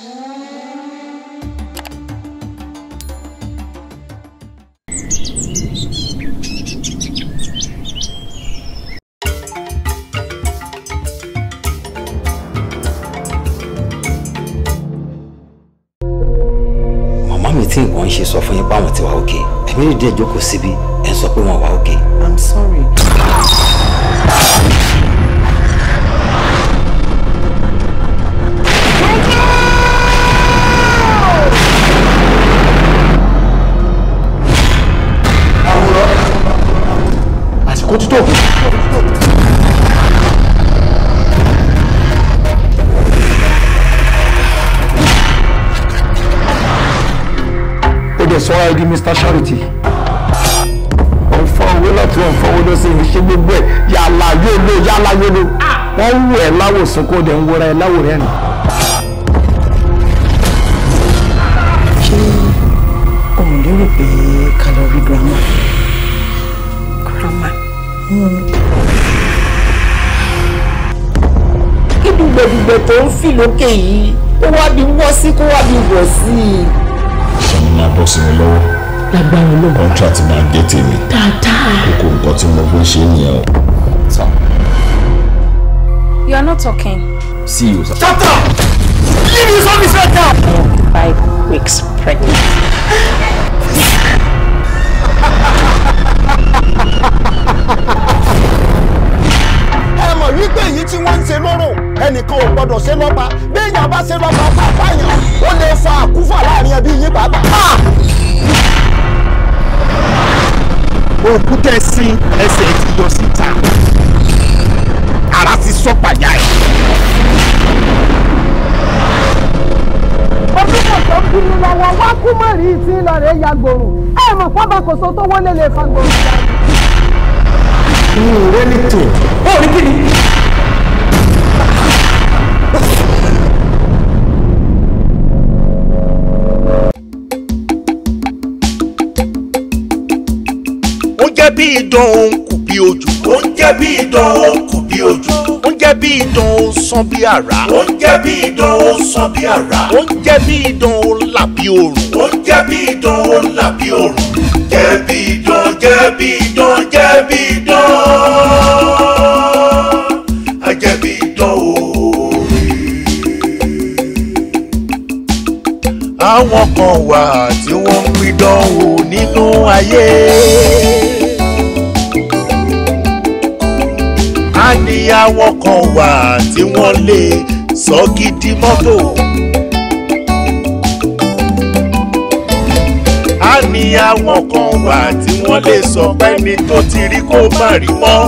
tí nǹkan ń ṣe sọ fún yín páwọn ti wà òkè ẹ̀mí lè dé ìjókòó síbi ẹ̀ ń sọ pé wọ́n wà òkè. I'm sorry àsìkò títò. ó sọ ẹ́ Mr. Charity ọ̀fọ̀ owó lọ́tún ọ̀fọ̀ owó lọ́sẹ̀ yìí ṣe gbogbo ẹ̀ yàlá yóò lò yàlá yóò lò wọ́n wù ẹ́ láwòsàn kó dẹ̀ ń wọra ẹ̀ láwòrán ẹ̀ nù. ṣé òun lérò pé kàlọ́rí girama kí dùgbẹ̀dùgbẹ̀ tó ń fì lókè yìí ó wá bí wọ́ sí kó wá bí wọ̀ sí i. ṣàmì máa bọ́ sí mi lọ́wọ́. lágbára ló. contract máa gé tèmi. dáadáa. kókó nǹkan tí mo fi ṣe nìyẹn o. sọ. you are not talking. see you sir. shut leave your office right now. i am five weeks pregnant. pé èyí tí wọ́n ń ṣe lọ́rùn ẹnìkan ò gbọ́dọ̀ ṣe lọ́ba béèyàn bá ṣe lọ́ba pàpà yàn ó lè fa àkúfà láàrin ẹbí yín pàápàá. òkúta ẹṣin ẹsẹ̀ ti yọ síta ara ti sọ pàjá ẹ̀. olùkọ́sọ̀ ń bínú lọ́wọ́ wá kú mọ́rí tí ń lọ rẹ̀ ya gbòòrò ẹ̀ mọ̀ fọ́bàkóso tó wọlé lè fa gbòòrò jáde. mi ò rẹ́ ní idán òun kù bí ojú. ó ń jẹ́ bí idán òun kù bí ojú. ó ń jẹ́ bí idán òun sán bí àrá. ó ń jẹ́ bí idán òun sán bí àrá. ó ń jẹ́ bí idán òun là bí oòrùn. ó ń jẹ́ bí idán òun là bí oòrùn. jẹ́ bí idán jẹ́ bí idán jẹ́ bí idán. àwọn kan wà tí wọ́n ń pidán wò nínú ayé. wá ní àwọn kan wà tí wọ́n lè sọ gidi mọ́tò. a ní àwọn kan wà tí wọ́n lè sọ pẹ́ni tó ti rí kó má rí mọ́.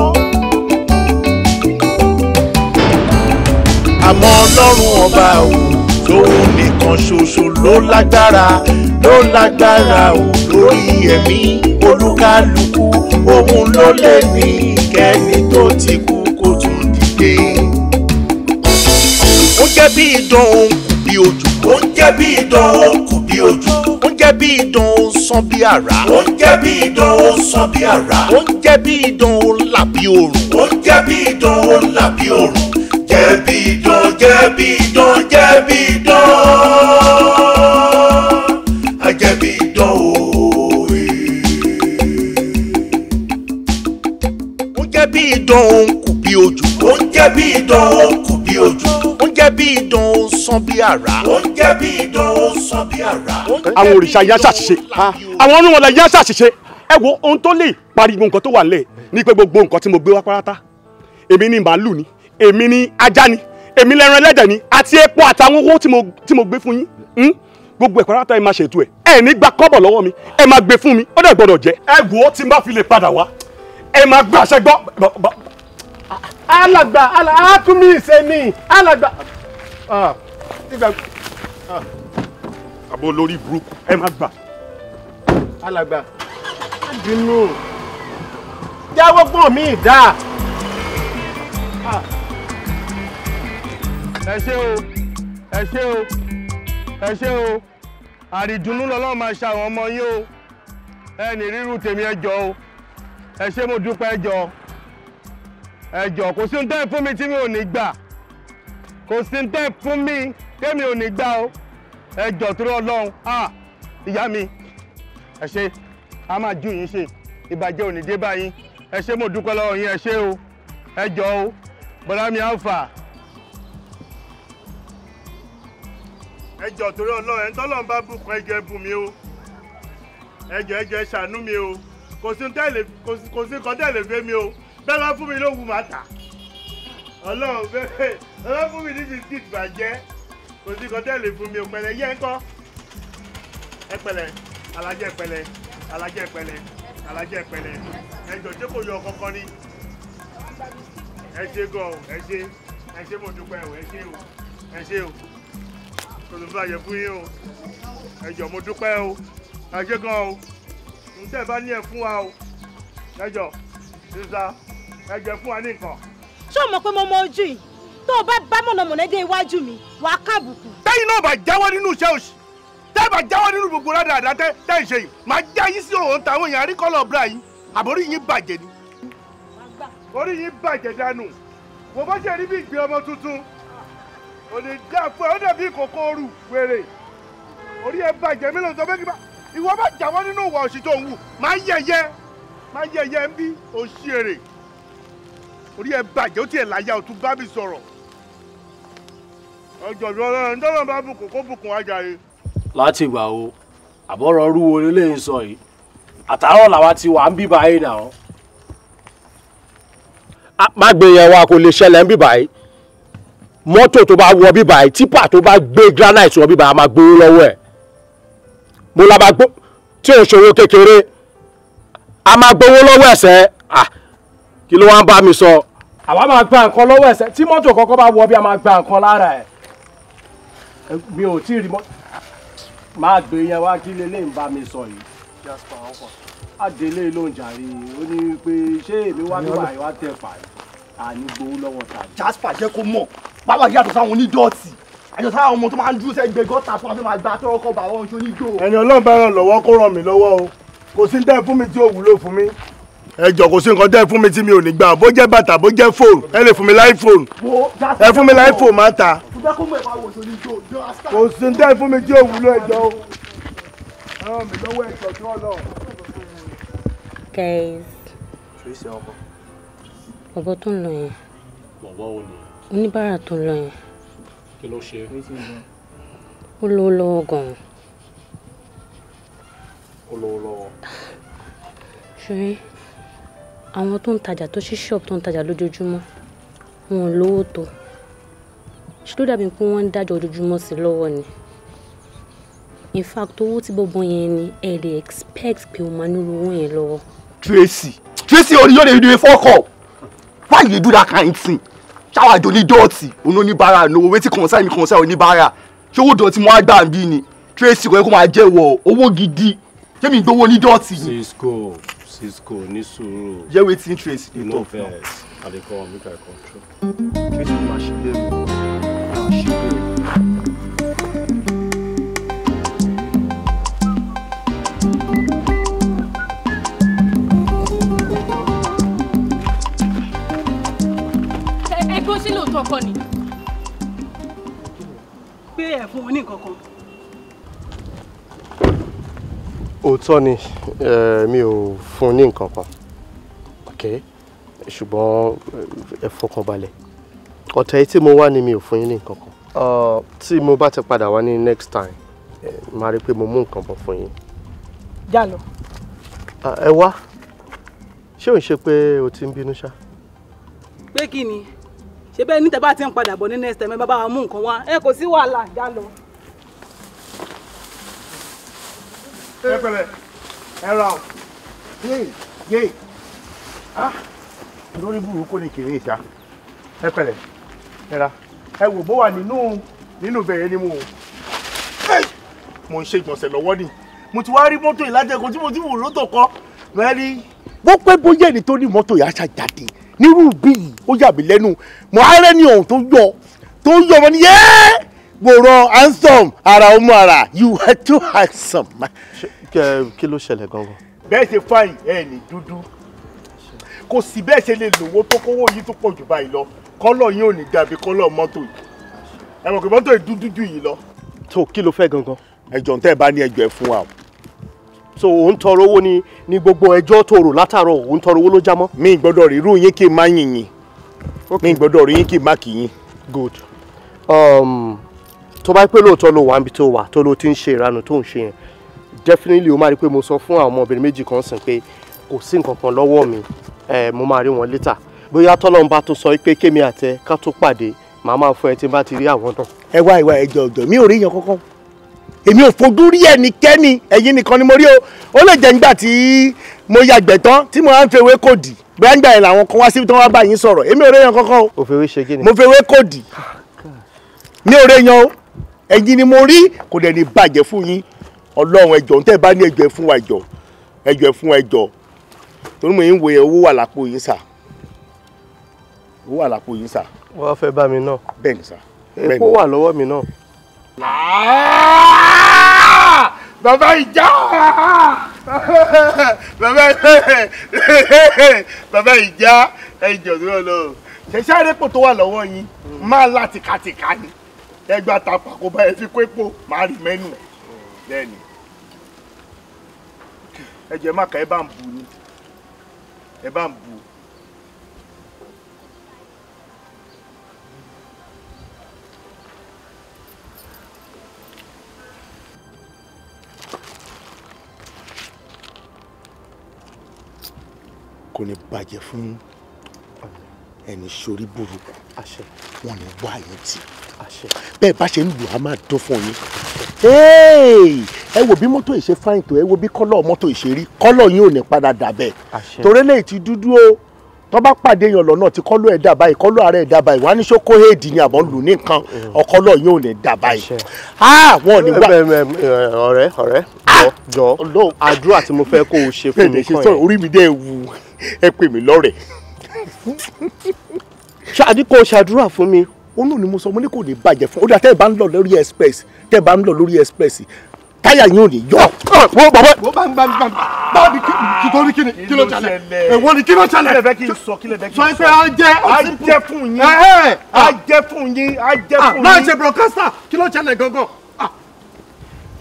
àmọ́ ọlọ́run ọba ò lóhun nìkan ṣoṣo ló lágbára ló lágbára ò lórí ẹ̀mí olúkálùkù òun ló lè ní kẹ́ni tó ti kú ṣe. ó jẹ́ bí idán òun kù bí ojú. ó jẹ́ bí idán òun kù bí ojú. ó jẹ́ bí idán òun sán bí àrá. ó jẹ́ bí idán òun sán bí àrá. ó jẹ́ bí idán òun là bí ó jẹ́ bí idán òun là bí jẹ́ bí idán jẹ́ bí idán jẹ́ bí idán. ajẹ́ jẹ́ bí idán ó kù bí ojú. ó jẹ́ bí idán ó sán bí àrá. ó jẹ́ bí idán ó sán bí àrá. àwọn òrìṣà yá ṣàṣìṣe àwọn ọ̀run wọn la yá ṣàṣìṣe ẹ wo ohun tó lè pariwo nǹkan tó wà nílẹ̀ ní pé gbogbo nǹkan tí mo gbé wá pátá èmi ni màálù ni èmi ni ajá ni èmi lẹ́ran ẹlẹ́dẹ̀ ni àti epo àtàwọn owó tí mo gbé fún yín hmm? gbogbo ẹ̀kọ́ rátá ẹ máa ṣètò ẹ̀ ẹ̀ ní gba kọ́bọ̀ lọ́wọ́ mi ẹ máa gbé fún mi ó dẹ̀ gbọ́dọ̀ jẹ́ ẹ wo tí n fi lè padà wá ẹ máa gbé àṣẹ gbọ́ alàgbà alàtúmí ìsẹ́ni alàgbà. àbò lórí burúkú ẹ má gbà. alàgbà àdínú jáwọ́ gbọ́n mi dá. ẹ ṣé o ẹ ṣé o ẹ ṣé o àrídùnnú lọ́lọ́run máa ṣe àwọn ọmọ yín o ẹnì ríru tèmi ẹ jọ o ẹ ṣé mo dúpẹ́ ẹ jọ ẹjọ kò sí ohun tẹ́ fún mi tí mi ò ní gbà kò sí ohun tẹ́ fún mi tẹ́mi ò ní gbà o ẹjọ tó rọ lọ́hùn ìyá mi ẹ ṣe a máa ju yín ṣe ìbàjẹ́ ò ní dé báyìí ẹ ṣe mo dúpẹ́ lọ́wọ́ yín ẹ ṣe o ẹjọ o bọ́dá mi àǹfà. ẹjọ tó rọ lọ́hùn ẹni tọ́lọ́run bá bùkún ẹjọ ẹbùn mi o ẹjọ ẹjọ ẹ ṣàánú mi o kò sí nǹkan tẹ́ mi o bẹ́ẹ̀ bá fún mi lóògùn máa tà ọlọ́run bẹ́ẹ̀ bá fún mi ní bisikíìtì bàjẹ́ kò sí kọ́tẹ́ẹ̀lì fún mi òpẹlẹ yẹ ń kọ́ ẹ alájẹ pẹ̀lẹ́ alájẹ pẹ̀lẹ́ alájẹ pẹ̀lẹ́ ẹjọ tí kò yọ kankan ni ẹ ṣe gan o ẹ ṣe ẹ ṣe mo dúpẹ́ o ẹ ṣe o ẹ ṣe o olùbàyẹ fún yín o ẹjọ mo dúpẹ́ o ẹ ṣe gan o ntẹ bá ní ẹ fún wa o ẹjọ sísá ẹ jẹ́ fún wa ní nǹkan. ṣé o mọ̀ pé mo mọ ojú yìí tó o bá bá mọ̀nàmọ̀nà dé iwájú mi wàá kábùkù. tẹ́yìn náà bá jáwọ́ nínú iṣẹ́ òṣì tẹ́ bá jáwọ́ nínú gbogbo rádàrádà tẹ́ tẹ́ ń ṣe yìí máa já yín sí òun táwọn èèyàn àríkọ́lọ̀ bra yìí àbórí yín bàjẹ́ ni. orí yín bàjẹ́ dànù wò bó ṣe rí bí ìgbé ọmọ tuntun ò lè dá fún ẹ ó dàbí ìkòkò ooru wèrè orí ẹ bàjẹ́ mélòó sọ bẹ́ẹ̀ ìwọ bá jáwọ́ nínú ìwà òṣì tó ń wù máa yẹ̀yẹ́ máa yẹ̀yẹ́ ń bí òṣì èrè orí ẹ bàjẹ́ ó tiẹ̀ láyà ó tún bá mi sọ̀rọ̀ ọ̀jọ̀gbọ́n ọlọ́run tó náà bá bùkún kó bùkún ajá yìí. láti ìgbà wo àbọ̀rọ̀ rúwo lélẹ́yìn sọ yìí àtàárọ̀ làwa ti wà ń bíbá yìí náà. má gbé yẹn wa kò lè ṣẹlẹ̀ ń bíbá yìí mọ́tò tó bá wọ bíbá yìí típà tó bá gbé granite wọ bíbá yìí a máa gbowó lọ́wọ́ ẹ̀ mo la gbó tí ò ṣòro kékeré a máa gbowó lọ́wọ́ ẹ̀sẹ̀ ah, kí ló wá ń bá mi sọ. àwa máa gba nǹkan lọ́wọ́ ẹsẹ̀ tí mọ́tò kọ́kọ́ bá wọ bí a máa gba nǹkan lára ẹ̀ mi ò tí ì rí mọ́ máa gbé yẹn wá kí lélẹ́ ń bá mi sọ yìí adélé ló ń jàre ó ní pé ṣé èmi wá níwà yìí wá pa yìí àní gbowó lọ́wọ́ ta. Jasper jẹ́ kó mọ̀ bàbá yàtọ̀ sáwọn onídọ́ọ̀tì àjọ sáwọn ọmọ tó máa ń dúró sẹ́gbẹ̀ẹ́ gọ́ta tó máa fi máa gba tọ́rọ́kọ̀ bàwọ́ oṣù onídò. ẹni ọlọ́run bá ràn lọ́wọ́ kó ràn mí lọ́wọ́ o kò sí ń tẹ́ fún mi tí ò wúlò fún mi ẹ jọ kò sí nǹkan tẹ́ ẹ fún mi tí mi ò ní gbà bó jẹ́ bàtà bó jẹ́ fóònù ẹ lè fún mi láìfóònù ẹ fún mi láìfóònù máa ta kò sí tẹ́ ẹ fún mi tí ò wúlò ẹjọ́ o ẹran mi lọ́wọ́ ẹjọ́ tí wọ́n lọ. guys bọ̀bọ̀ tó ń lọ yẹn oníbàárà tó ń lọ yẹn ó lówó lọ́wọ́ gan ó lówó lọ́wọ́. ṣé àwọn tó ń tajà tó ṣí ṣọ́ọ̀bù tó ń tajà lójoojúmọ́ wọn lówó tó ṣé ló dàbí pé wọ́n ń dájọ́ ojoojúmọ́ sí lọ́wọ́ ni in fact owó tí bọ́bọ́ yẹn ni ẹ lè expect pé o máa ní owó yẹn lọ́wọ́. Tracy Tracy oríyọ́ lè rí fọ́k up why you do that kind thing ṣáwá àjò ní dọ́ọ̀tì oníbàárà lówó wetin concern mi concern oníbàárà ṣé owó dọ̀tí mo á gbà ń bí ni Tracy kò yẹ kó máa jẹ́wọ́ owó gidi jẹ́mi gbowó ní dọ́ọ̀tì. Cisco cisco ní sùúrù. yẹ wetin trace dey talk now. i dey come make i control. wetin ma ṣe lè mi ma ṣe lè mi. ẹgbẹ́ sí lóòótọ́ kọ́ ni pé ẹ̀ fún oní nǹkan kan. òótọ́ ni mi ò fún un ní nǹkan kan ṣùgbọ́n ẹ fọkàn balẹ̀ ọ̀tẹ̀ yìí tí mo wá ni mi ò fún yín ní nǹkan kan tí mo bá ti padà wá ní next time máa rí i pé mo mú nǹkan bọ̀ fún yín. já lọ. ẹ wá ṣé ò ń ṣe pé o ti ń bínú ṣá. pé kí ni ṣé bẹ́ẹ̀ níta bá ti ń padà bọ̀ ní next time ẹ bá bá wa mú nǹkan wá ẹ kò sí wàhálà já lọ. ẹ pẹ̀lẹ́ ẹ ra o yéè yéè ah lórí burúkú ni kìrì ìṣá ẹ pẹ̀lẹ́ ẹ ra ẹ wò bó wà nínú nínú bẹ̀rẹ̀ ni mo mo ń ṣe ìgbọ̀nsẹ̀ lọ́wọ́ ni mo ti wá rí mọ́tò ìlàjẹ̀kọ́ tí mo ti wò lótò kọ́ lẹ́rí. bó pẹ́ bóyá ẹni tó ní mọ́tò yà á ṣàjáde nírú bíi ó yà mí lẹ́nu mọ̀ á rẹ́ ní ọ̀hún tó yọ tó yọ wọn ni yẹ́ẹ́ wòran handsome ara ọmọ ara you are too handsome. kí ló ṣẹlẹ̀ gangan. bẹ́ẹ̀ ṣe fáyìn ẹ̀ ní dúdú kò sí bẹ́ẹ̀ ṣe lè lówó tó kówó yìí tó pọ̀ jù báyìí lọ kọ́lọ̀ yín ò ní dàbí kọ́lọ̀ mọ́tò yìí ẹ mọ̀ pé mọ́tò yìí dúdú jù yìí lọ. tó kí ló fẹ́ gangan. ẹjọ́ tẹ́ ẹ bá ní ẹjọ́ ẹ fún wa. so ò ń tọrọ owó ni ni gbogbo ẹjọ́ tó rò látàárọ̀ ò ń tọrọ owó ló já mọ́. mi gbọ́dọ̀ rí irú yín kí n má yìn yín mi gbọ́dọ̀ rí yín kí n má kì yín. good um, tó bá pé lóòótọ́ ló wà níbi tó wà tó ló ti ń ṣe ìranù tó ń ṣe yẹn definitely o máa rí i pé mo sọ fún àwọn ọmọbìnrin méjì kan sìn pé kò sí nǹkan kan lọ́wọ́ mi mo máa rí wọn létà bóyá tọ́lọ́run bá tún sọ pé kémi àtẹ ká tó pàdé màá máa fún ẹ tí n bá ti rí àwọn náà. ẹ wá ìwà ẹjọ ọjọ mi ò rí yan kankan èmi ò fojú rí ẹnikẹ́ni ẹ̀yin nìkan ni mo rí o ó lè jẹ́ nígbà tí mo yàgbẹ́ tán tí mo máa ń fewé kòdì bóyá nígbà yẹn làwọn kan wá síbi tí wọ́n bá yín sọ̀rọ̀ èmi ò rí yan kankan o. òfèwé ṣe kí ni. mo fewé kòdì mi ò rí yan o ẹ̀yin ni mo rí kò dẹ̀ ní bàjẹ́ fún yín ọlọ́run ẹjọ́ ń tẹ́ bá ní ẹjọ́ ẹ fún wa ẹjọ́ ẹjọ́ ẹ fún wa ẹjọ́ torí mo yín wo yẹn owó wà lápò yín sà owó wà lápò yín sà. wọ́n á fẹ́ bá mi náà. bẹ́ẹ̀ ni sà. epo wà lọ́wọ́ mi náà. Ah! bàbá ìjà bàbá ìjà ẹjọ́ tó lọ ṣẹṣẹ́ àrẹ́pọ̀ tó wà lọ́wọ́ yín máa látìkàtìkà ni ẹgbà tàpá kò bá ẹ fi kó epo máa rí mẹ́nu bẹ́ẹ̀ni ẹ jẹ́ ẹ bá ń bu ni ẹ bá ń bu. kò ní bàjẹ́ fún ẹni sórí burúkú wọn ni wáyé tì bẹ́ẹ̀ bá ṣe ń lù á máa dún fún yín ẹ wo bí mọ́tò ìṣe fáìn tó ẹ wo bí kọ́lọ̀ mọ́tò ìṣe rí kọ́lọ̀ yín ò ní padà dà bẹ́ẹ̀ torí lè ti dúdú o tó bá pàdé èèyàn lọ́nà tí kọ́lọ́ ẹ̀ dà báyìí kọ́lọ́ ààrẹ ẹ̀ dà báyìí wọ́n á ní ṣókó èdè ni àbọ̀ lù ní nǹkan mm. ọ̀kọ́lọ́ yóò ní dà báyìí. àwọn òní wà. ọ̀rẹ́ ọ̀rẹ́ jọ àdúrà tí mo fẹ́ kó o ṣe fún mi kàn yẹn. orí mi dẹ́ wu ẹ pè mí lọ́rẹ̀. ṣáà ní kó o ṣàdúrà fún mi òun náà ni mo sọ mo ní kò lè bàjẹ́ fún ọ dà tẹ́ ẹ bá ń lọ lórí express tẹ́ ẹ bá ń lọ lórí express táyà yín ò ní yọ. wo bàbá wo bá ń bá ń bá ń bá bí kìtòrí kí ni kí ló jalè èwo ni kí ló jalè. kílẹ̀ fẹ́ kí n sọ kílẹ̀ fẹ́ kí n sọ. sọ pé a jẹ́ eh, eh, eh. a jẹ́ fún yín a jẹ́ ah, fún yín a jẹ́ fún yín. láì ṣe broadcaster kí ló jalè gangan ah.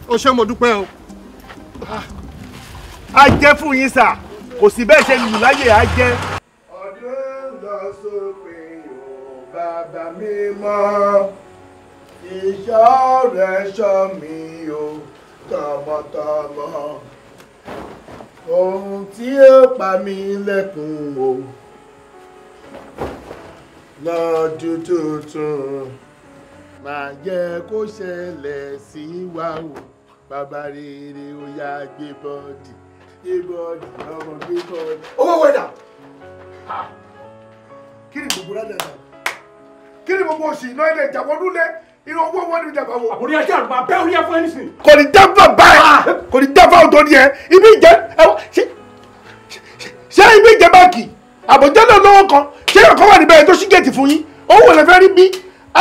o ṣé mo dúpẹ́ o. Ah. a jẹ́ ni yín sà kò sí bẹ́ẹ̀ ṣe lù láyè a jẹ́. ọdún lọ sọ bàbá mímọ́ ìṣọ́ rẹ̀ ṣọ́ mi o tọmọtọmọ ohun tí ó pa mí lẹ́kùn o lọ́dún tuntun máa jẹ́ kó ṣẹlẹ̀ sí wa o bàbá rere ó yá gbé bọ́ọ̀dì gbé bọ́ọ̀dì ọmọ gbé bọ́ọ̀dì. owó wẹ̀dà ah! kí ni gbogbo rẹ̀ dàgbà kí ni gbogbo òsì iná ẹ̀dẹ̀ ìjàwọ́dún lẹ irun owó wọn ni ìjàmbá wo. àbúrò ẹjẹ àgbà bẹ́ẹ̀ orí ẹ̀fọ́ ẹ̀nìsìn. kò ní dáfà báyìí ah! kò ní dáfà ọ̀dọ́ ni ẹ ibi ìjẹ ṣé ibi ìjẹ báàkì àbójá náà lọ́wọ́ kan ṣé ọkọ wà níbẹ̀ tó ṣí gẹ̀ẹ́tì fún yín owó wọlé fẹ́ rí bí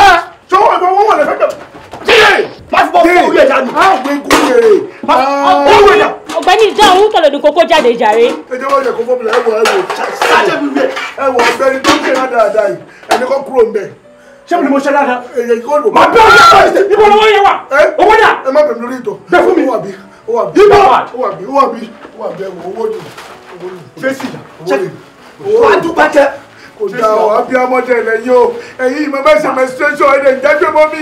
ah! ṣọwọ́ ìbọn owó wọlé fẹ́ jọ. jẹ́rẹ̀ pásítọ̀ fún orí ẹ̀dá mi. àwọn egun yẹrẹ. ọ̀gbẹ́ni ìjà òun tọ̀lẹ̀ ní kókó jáde ìjàre. ẹ jẹ́ wọ́n yẹ kó fọ́ mi lọ ẹ wọ ẹ wọ ẹ wọ ọ̀gbẹ́ni tó ń ṣe náà dáadáa yìí ẹni kọ́ kúrò ń bẹ̀ ṣé mo ní mo ṣe dáadáa. màá bẹ́ẹ̀ ọjà fún ẹsẹ̀ ibo lọ́wọ́ yẹn wà. owó dà. ẹ má bẹ̀rù lórí ìtọ̀. bẹ fún mi. ó wà bí ó wà bí ó wà bí ó wà bí ó wà bí ẹwọ owó ni owó ni. fèsì owó ni. wàá dúpẹ́ tẹ. kò dá ọ abiyamọdé rẹ yìí o ẹyin ìmọ̀ bẹ́ẹ̀ ṣe menstruation ẹ̀ ẹ̀ ń dájọ́ mọ́ mi.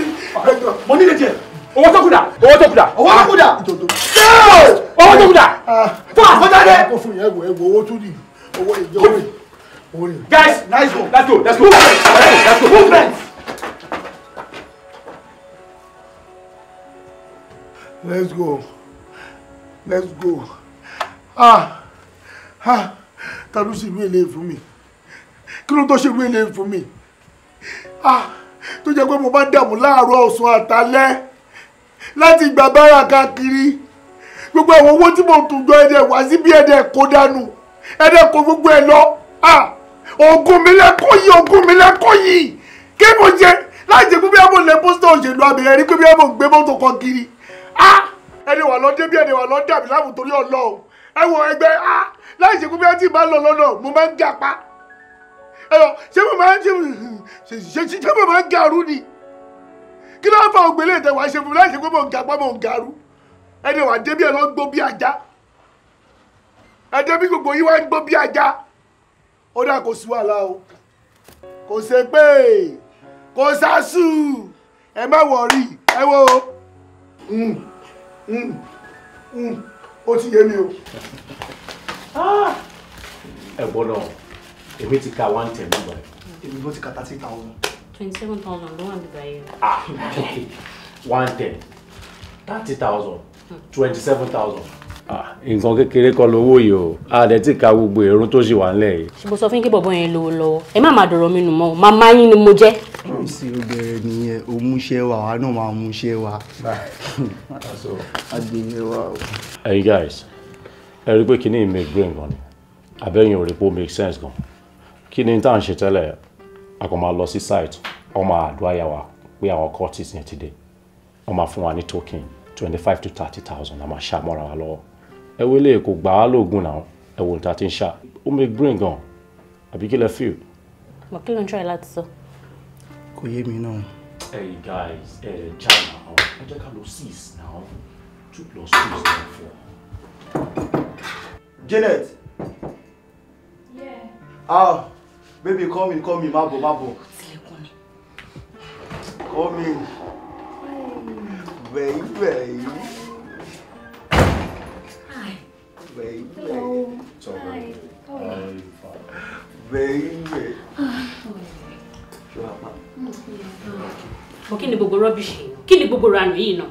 mo ní lè jẹ owó tó kùdà owó tó kùdà owó tó kùdà owó tó kùdà fún àfọjáde. kò fún yẹn wo ẹwọ owó tó di owó ìjọ rẹ. guys let's go let's go let's go movement let's go movement. let's go let's go ah ah ta ló ṣerú eléyìí fún mi kí ló tó ṣerú eléyìí fún mi ah tó jẹ́ pé mo bá dààmú láàárọ̀ ọ̀sán àtàlẹ́ láti gba bára káàkiri gbogbo àwọn owó tí mo tún jọ ẹ̀dẹ̀ wá síbi ẹ̀dẹ̀ kó dànù ẹ̀dẹ̀ kó gbogbo ẹ̀ lọ ah oògùn mi lẹ́kọ̀ọ́ yìí oògùn mi lẹ́kọ̀ọ́ yìí kí mo jẹ láì jẹ́ pé bí wọ́n lẹ́ pósítọ̀ òṣèlú àbẹ̀yẹ rí pé bí wọ́n gbé mọ́tò kan kiri ẹni wà lọ débi ẹni wà lọ dàbí láàmú torí ọlọ́run ẹ wo ẹgbẹ́ láì ṣe pé tí bá lọ lọ́nà mo máa ń ga pa ṣé mo máa ń ṣe mo máa ń garu ni kí ló ń fa ògbélé ìtẹ̀wá ṣe fún mi láì ṣe pé mo ń ga pa mo ń garu ẹni wà débi ẹ lọ gbó bí ajá ẹjẹ bí gbogbo yín wá ń gbó bí ajá ó dà kó sí wàhálà o kò ṣe pé kò sásù ẹ má wọrí ẹ wo. Mm, mm, mm. ó ti yé mi o. Ah! ẹ gbọ́dọ̀ èmi ti ka one ten nígbà èmi ló ti ka thirty thousand. twenty seven thousand ló wà nígbà yìí. ah one ten thirty thousand hmm. twenty seven thousand nǹkan kékeré kọ́ lówó yìí o a dẹ̀ ti ka gbogbo èrò tó ṣì wà ńlẹ̀ yìí. ṣùgbọ́n sọ fún kí bọ̀bọ̀ yẹn lò lọ́wọ́ ẹ má máa dọ̀rọ̀ mi nù mọ́ o màmá yín ni mo jẹ́. ṣé o bẹ̀rẹ̀ nìyẹn o wa wa náà máa múṣẹ́ wa. agbègbè e wa o. ẹ̀yin guys ẹ rí i pé kí ni make brain gan ni abẹ́yìn ò rí pé ó make sense gan kí ni tá à ń ṣe tẹ́lẹ̀ a kò máa lọ sí site wọ́n máa to thirty thousand a máa ṣàmọ́ra wa lọ́wọ́ ẹ wo kò gbà á lóògùn náà ẹ ta ti ń ṣá ó mi green gan àbí kí lẹ feel. mo kí ló ń try láti sọ. kò yé mi náà. hey guys ẹ já náà ẹ jẹ́ ká lo six náà two plus two is now four. Janet. Yeah. ah baby come in come in má bọ̀ má bọ̀. come in. Hey. Baby. 美美做美美。mo ah, kí ni gbogbo rọ́bìṣì kí ni gbogbo ranù yìí náà.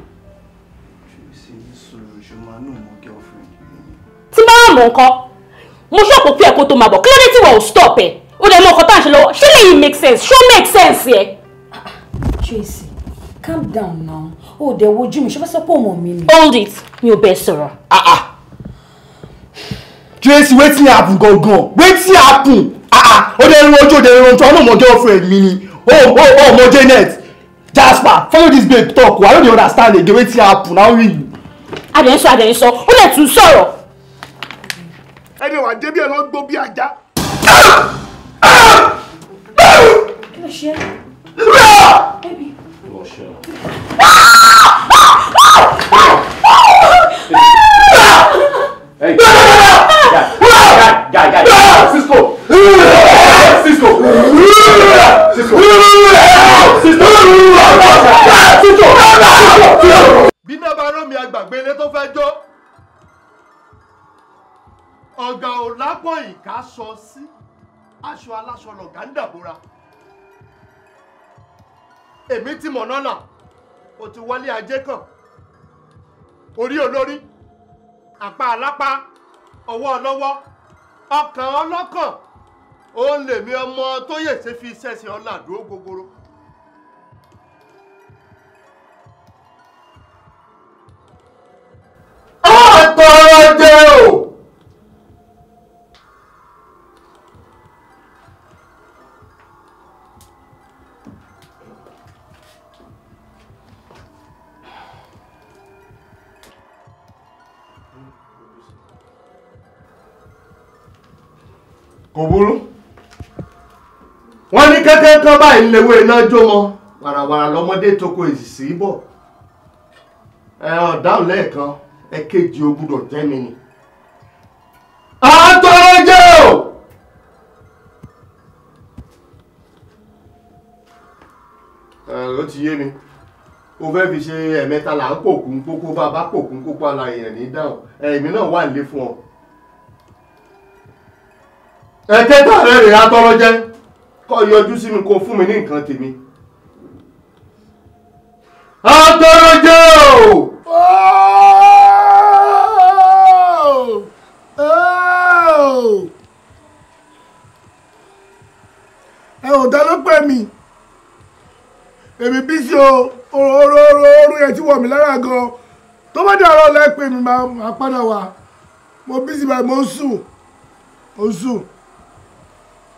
tí máa mọ̀ nǹkan mo ṣọ́ọ̀pù pé ẹ̀kọ́ tó máa bọ̀ kí ló dé tí wọ́n ò stop ẹ̀ ó dẹ̀ mọ ọkọ̀ tá à ń ṣe lọ́wọ́ make sense ṣó make sense yẹ. Tracy calm down now o ò dẹ̀ wojú mi ṣé fẹ́ sọ pé ni. hold it mi ò bẹ́ẹ̀ sọ̀rọ̀. ah ah tracy wetin happen gangan wetin happen ah ah, o dey run ojú o dey run ojú ọmọ ọmọ girlfriend mi ni o o o ọmọ janet jasper follow this babe talk o i no dey understand again wetin happen na only you. adẹ́nsọ adẹ́nsọ ó lè tún sọ̀rọ̀. ẹni wàá débi ẹ̀ lọ gbó bí ajá. kí Ah ah, é. Hey! Cisco. Cisco. Cisco. Bí náà bá rán mi àgbàgbé ilé tó fẹ́ jó. Ọ̀gá ò lápọ̀ ìka sọ sí aṣọ aláṣọ lọ̀gá ń dàbora. Èmi ti mọ̀ nọ́nà, o ti wọlé ajé kan, orí olórí, àpá alápá ọwọ́ ọlọ́wọ́ ọkàn ọlọ́kàn òun lèmi ọmọ tó yè ṣe fi ṣẹ̀ṣẹ̀ ọ̀la dúró gogoro. ọ̀tọ̀ ọ̀jẹ̀ o. kò burú wọ́n ní kẹ́kẹ́ kan báyìí léwé iná jó mọ́ lọ́mọdé toko èsì bọ̀ ẹ ọ̀dáhùn lẹ́ẹ̀kan ẹ kéjì ó gbúdọ̀ jẹ́ mi ni. àtọ́rọ jẹ́ o. ẹ ló ti yé mi o fẹ́ fi ṣe ẹ̀mẹ́ta là ń pòkùn kókó bá bá pòkùn kókó àlàyé ẹ̀ ní dáhùn ẹ̀mí náà wà nílé fún ọ ẹ̀kẹta rẹ̀ rè atọ́rọ́ jẹ́ kọ́ yọjú sí mi kó fún mi ní nǹkan tèmi. atọ́rọ́ jẹ́ o. ẹ ò dá ló pè mí èmi bí sí o oróróró yẹn ti wọ̀ mí lára gan tó bá dàrọ́ lẹ́pẹ́ mi máa padà wá mo bí sí báyìí mo ń sùn Oh, ń sùn.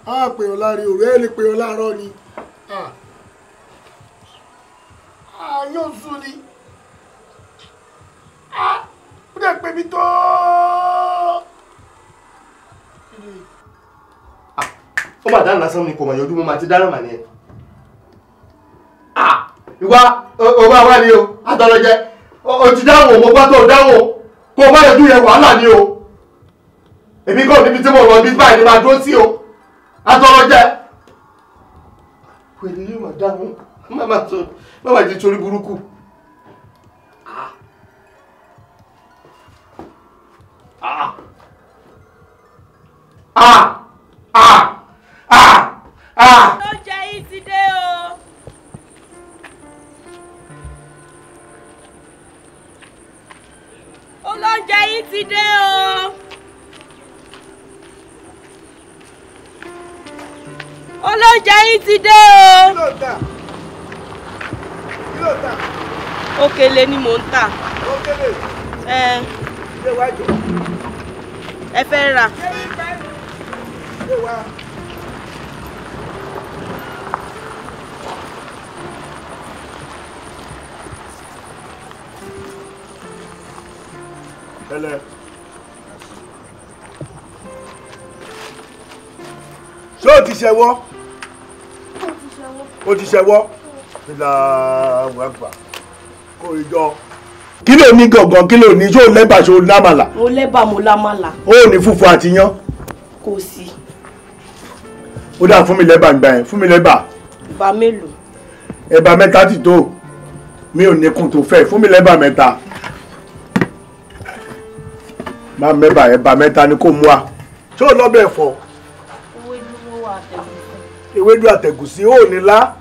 a pè ọ́ o, òru peola pè ọ́ láàárọ̀ ni yóò ni ó dẹ̀ pè mí tó. ó mà dáná lásán ni kò mà yọjú mo máa ti dáná mà nìyẹn. ìwà òun àwa ni o àtọ̀lọ́jẹ o ti dáhùn mo gbọ́ tó o dáhùn kó o má yẹn wàhálà ni o èmi kò níbi tí mo rọ ibi báyìí ni màá dúró o. atọrọjẹ pẹ̀lú yóò máa dáhùn mama tó mama ti torí burúkú. Ah! Ah! Ah! Ah! ah. ọjà yín ti dé o. òkèlè ni mò ń tà. òkèlè. ẹ. ilé wa jọ. ẹ fẹ́ rà. ilé wa. Hello. ṣé o ti ṣẹwọ́ ó ti ṣẹwọ́ nílà wàgbà kó ìjọ. kí ló ní gangan kí ló ní ṣó lẹ́bà ṣó lámàlà. mo lẹ́bà mo lámàlà. ó ní fùfú àti yán. kò sí. ó dáa fún mi lẹ́bà ìgbà yẹn fún mi lẹ́bà. ìbá mélòó. ẹ̀bà mẹ́ta ti tó mi ò ní kun tó fẹ́ fún mi lẹ́bà mẹ́ta máa mẹ́bà ẹ̀bà mẹ́ta ni kò mú wa. ṣé o lọ́bẹ̀ ẹ̀fọ́ ewédú àtẹ̀gùsí ò ní lá.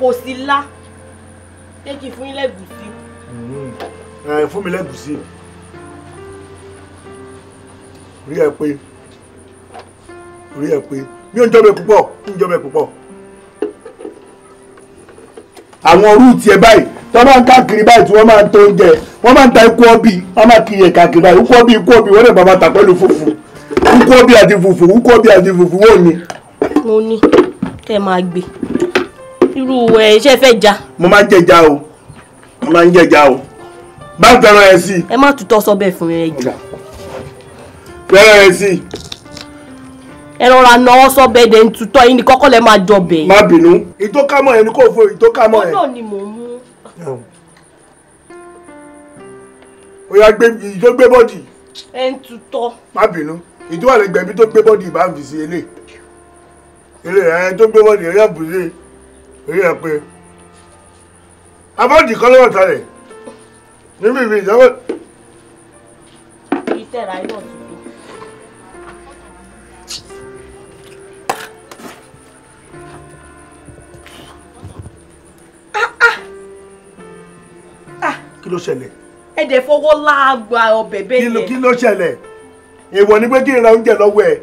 kò sí lá ṣé kí n fún yín lẹ́gùsí. ẹ mm-hmm. eh, fún mi lẹ́gùsí rí ẹ pé rí ẹ pé mi ò ń jọbẹ púpọ̀ ń jọbẹ púpọ̀ àwọn ọrú tiẹ̀ báyìí tí wọ́n máa ń káàkiri báyìí tí wọ́n máa ń tó oúnjẹ wọ́n máa ń ta ikú ọbì wọ́n máa kiri ẹ̀ káàkiri báyìí ikú ọbì ikú ọbì wọ́n lè bàbá tà pẹ̀lú fùfù ikú ọbì àti fùfù ikú ọbì àti fùfù wọ́n ni mo ní kẹ́ ẹ máa gbé irú ẹ iṣẹ́ fẹ́ ja. mo máa ń jẹja o mo máa ń jẹja o bá ń fẹ́ràn ẹ sí i. ẹ má tutọ́ sọ́bẹ̀ fún ẹ jù. fẹ́ràn ẹ sí i. ẹ rọra náwó sọ́bẹ̀ ẹ̀dẹ̀ ń tutọ́ yìí ni kọ́kọ́ lẹ máa jọ bẹ̀. má bínú ìtókàmọ́ ẹ ní kò fún ìtókàmọ́ ẹ. ọlọ́ọ̀ mò ń mú. ó yá gbé ìjọ gbé bọ́dì. ẹ ń tutọ́. má bínú ìjọ wà tó gbé bọ́dì ìbá mi sí eléyìí ilé ẹ tó gbé wọ́ọ̀dì eré àbúlé eré ẹ pé abọ́ọ̀dì kan lọ́wọ́ talẹ̀ níbi ìbí ìdáwọ́. ìtẹ̀ra yóò tún tó. Ah, ah. Ah. kí ló ṣẹlẹ̀. ẹ dẹ̀ fọwọ́ láàgbà ọbẹ̀ bẹ́ẹ̀ yẹn. kí ló ṣẹlẹ̀ èèwọ̀ ni pé kí n ra oúnjẹ lọ́wọ́ ẹ̀.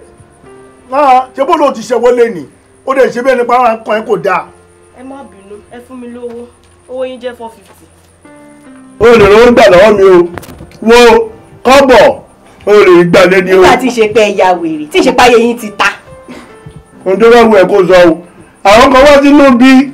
Ah, ṣé bó ló ti ṣe wọlé ni ó dẹ̀ ṣe bẹ́ẹ̀ nípa àwọn kan ẹ̀ kò dáa. ẹ má bínú ẹ fún mi lówó owó yín jẹ́ four fifty. o lè rówó gbà lọ́wọ́ mi o wo kọ́bọ̀ o lè gbà o. nígbà tí ìṣe pé ẹ̀yà wèrè tí ìṣe páyé yín ti ta. ohun tó bá wù ẹ kó sọ o àwọn kan wá sínú bíi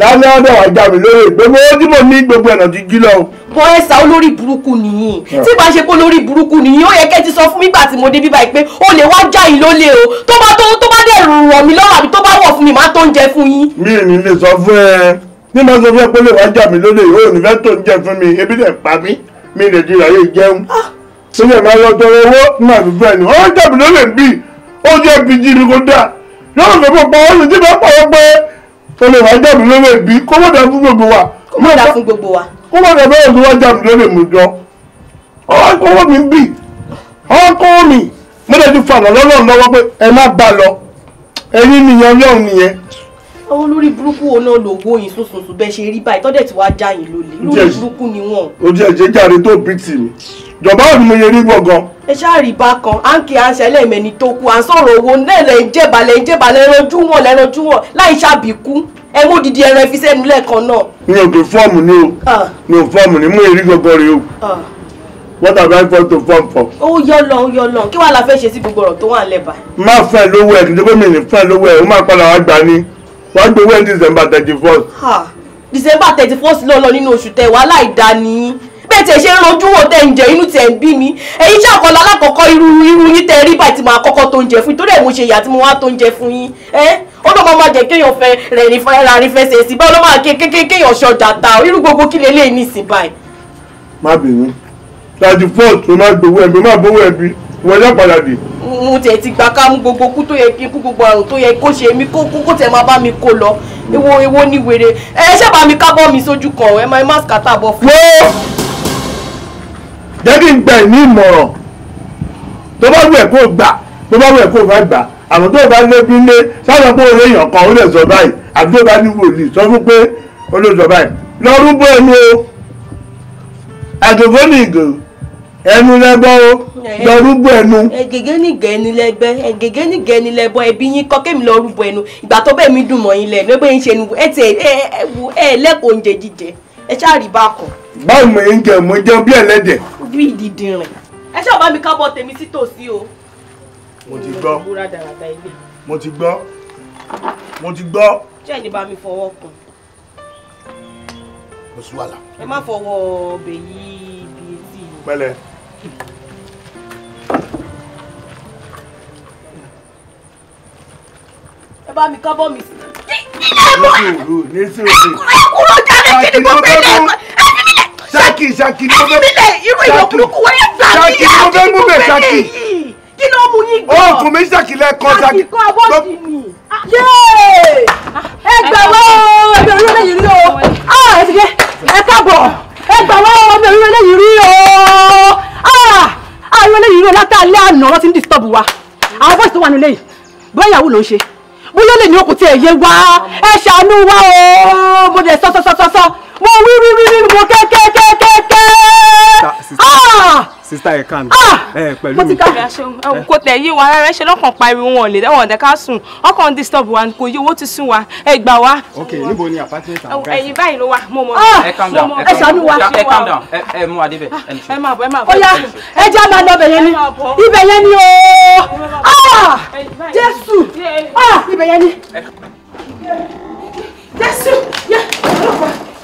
lálẹ́ ọ̀dọ̀ wà já mi lóye gbogbo ojú mò ní gbogbo ẹ̀nà ti jí lọ. bọ ẹsà olórí burúkú nìyí tí bá ṣe pé olórí burúkú nìyí ó yẹ kẹ́ ti sọ fún mi gbà mo dé bí báyìí pé o lè wá já yìí lólè o tó bá tó tó bá dẹ̀ rọ̀ mí lọ́rùn àbí tó bá wọ̀ fún mi máa tó ń jẹ fún yín. mi ì ní lè sọ fún ẹ ní máa sọ fún ẹ pé lè wá já mi lólè o ò ní fẹ́ tó ń jẹ fún mi ebi dẹ̀ pa mí mi lè di ìràyè jẹun. sílẹ̀ ah. máa lọ tọrọ owó máa fi fẹ́ ni ó jẹ̀bi lólè bíi ó jẹ́ bíi jí ni kò dáa yóò fẹ́ fọ́ pọ̀ ó sì ti fẹ́ pa ó pé o lè wá jàmù lórí ẹbí kó mọ̀ dá fún gbogbo wa. kó mọ̀ dá fún gbogbo wa. kó mọ̀ dá bẹ́ẹ̀ tó wá jàmù lórí mi jọ. ọwọ́ kọ́wọ́ mi bì ọwọ́ kọ́wọ́ mi mo lè ti fàlọ́ lọ́lọ́run lọ́wọ́ pé ẹ má bá lọ ẹ̀yin nìyẹn ọlọ́run nìyẹn àwọn olórí burúkú wo náà lò wó yín sùnsùnsù bẹ́ẹ̀ ṣe rí báyìí tọ́dẹ̀ tí wàá já yín lólè lórí burúkú ni wọ́n. ojú ẹ̀jẹ̀ jáde tó bí tì mí jọ̀bá òní mo yẹ rí gbọ̀ngàn ẹ ṣáàrì bákan à ń kí à ń ṣẹlẹ̀ mẹ́ni tó kú à ń sọ̀rọ̀ owó náà lẹ́ ń jẹ̀bà lẹ́ ń jẹ̀bà lẹ́ranjú wọn lẹ́ranjú wọn láì ṣàbíkú ẹ mú didi ẹran ẹ fi sẹ́nu lẹ́ẹ̀kan náà. mi ò tó fọ́ọ̀mù ni o mi ò fọ́ọ̀mù ni mo èrí gbogbo rẹ o what am I going to form for. ó yọ lọ ó yọ lọ kí wàá la fẹ́ ṣe sí gbogbo ọ̀rọ̀ tó wà lẹ́bàá. má fẹ́ lówó ẹ̀ kìdí gómìnà ní fẹ́ lówó ẹ̀ ó máa padà wá gbà ní wàá gbowó ẹ̀ ní December thirty first. December thirty first lọ́ọ́ lọ nínú oṣù tẹ̀ wá láì dá nìyí bẹ́ẹ̀ tẹ̀ ṣe ń rojú wò tẹ̀ ń jẹ inú tẹ̀ ń bí mi ẹ̀yin ṣe àkọlọ alákọ̀ọ́kọ́ irú irú yín tẹ̀ rí báyìí tí mo àkọ́kọ́ tó ń jẹ fún yín torí ẹ̀ mo ṣe ìyá tí mo wá tó ń jẹ fún yín ẹ́ ó lọ́ máa jẹ́ kéèyàn fẹ́ rẹ̀ ní fẹ́ ra rí fẹsẹ̀ sí báwo ló máa ké kéèyàn ṣọjà ta irú gbogbo kí lè léyìn nísìn báyìí. má bínú dájú fọ́ọ̀t ló má gbowó ẹ̀mí má gbowó ẹ̀mí wọlé padà dé. mo tẹ̀ ti gbà ká mú gbogbo kú tó yẹ kí kú gbogbo àrùn tó yẹ kó ṣe mí kó kó tẹ̀ máa bá mi kó lọ èwo èwo ní wèrè ẹ ṣẹ́ bá mi kábọ́ mi sójú kan ẹ má ẹ má fún mi jẹ́ kí n gbà ní ìmọ̀ràn tó bá wù ẹ́ kó gbà tó bá wù ẹ́ kó má gbà àmọ́ tó bá lé bí lé sábà pé òun èèyàn kan ó lè sọ báyìí àbí tó bá ní wòlíì sọ fún pé ó lè sọ báyìí lọ́rùn bó ẹnu o àjòfóònù ìgò ẹnu lẹ́gbọ́ o lọ rúgbọ ẹnu. ẹgẹgẹ nìgẹ ẹni lẹgbẹ ẹgẹgẹ nìgẹ ẹni lẹbọ ẹbí yín kọ kémi lọ rúgbọ ẹnu ìgbà tó bẹ́ẹ̀ mi dùn mọ́ yín lẹ́nu ẹgbẹ́ yín ṣe ẹ ti ẹ ẹ lẹ́kọ̀ọ́ oúnjẹ jíjẹ ẹ ṣáà rí bákan. báwo ni oúnjẹ mo jẹun bí ẹlẹ́dẹ̀ bí ìdìdì rìn ẹ ṣáà bá mi kábọ̀ tèmi sí tòsí o. mo ti gbọ́ mo ti gbọ́ mo ti gbọ́. jẹ́ ẹni bá mi fọwọ́ kàn. mo sún àlà. ẹ má fọwọ́ ọbẹ̀ yìí bí etí. pẹ̀lẹ́. ẹ bá mi kábọ̀ mi sí. ní sùúrù ní sùúrù. ẹ kúrò jáde kí ni mo fẹ́ lẹ́kọ̀ọ́ ṣáàkì ṣáàkì ni mo fẹ́. àbílẹ̀ irú ìyókùnkùn wọ́n yẹ gbà mí àbí mo fẹ́ ṣáàkì. kí ló mú yín gbọ́. ó fún mi ṣáàkì lẹ́ẹ̀kan ṣáàkì. àbíkọ́ ọwọ́ sí mi. ẹ gbà wá o ẹgbẹ́ orí ọ̀lẹ́ yìí rí o ah, ẹ ti gẹ́ ẹ káàbọ̀ ẹ gbà wá o ẹgbẹ́ orí ọ̀lẹ́ yìí rí o ah, àwọn ọ̀lẹ́ yìí rí o látàlẹ́ àná wọ́n ti ń disturb wa àwọn bọ́ọ̀sì tó wà nílé yìí bóyá ìyàwó ló ń ṣe bóyá lè ní òkùtì ẹ̀yẹ wá ẹ ṣàánú wá o mo dẹ̀ sọ́sọ́sọ́sọ́ mo wí wí wí wí mo kẹ́kẹ́kẹ́kẹ́. sista ah! ẹ kan ah! ẹ pẹ̀lú mi. mo ti ká kò tẹ̀ yí wa rárá ṣe lọ́kàn pariwo wọn lè dáwọ̀ ọ̀dẹ́ ká sùn ọkàn disturb wa kò yí owó ti sún wa ẹ gbà wá. ok níbo ni apartment àwọn guys. ẹyin báyìí ló wà mo mọ. Ah! ẹ calm down ẹ ṣàánú wa ẹ calm down ẹ mú adébẹ. ẹ máa bọ̀ ẹ máa bọ̀. ó yá ẹ jẹ́ àmà lọ bẹ̀yẹn ni ibẹ̀ yẹn ni ooo jésù ibẹ̀ yẹn ni jésù.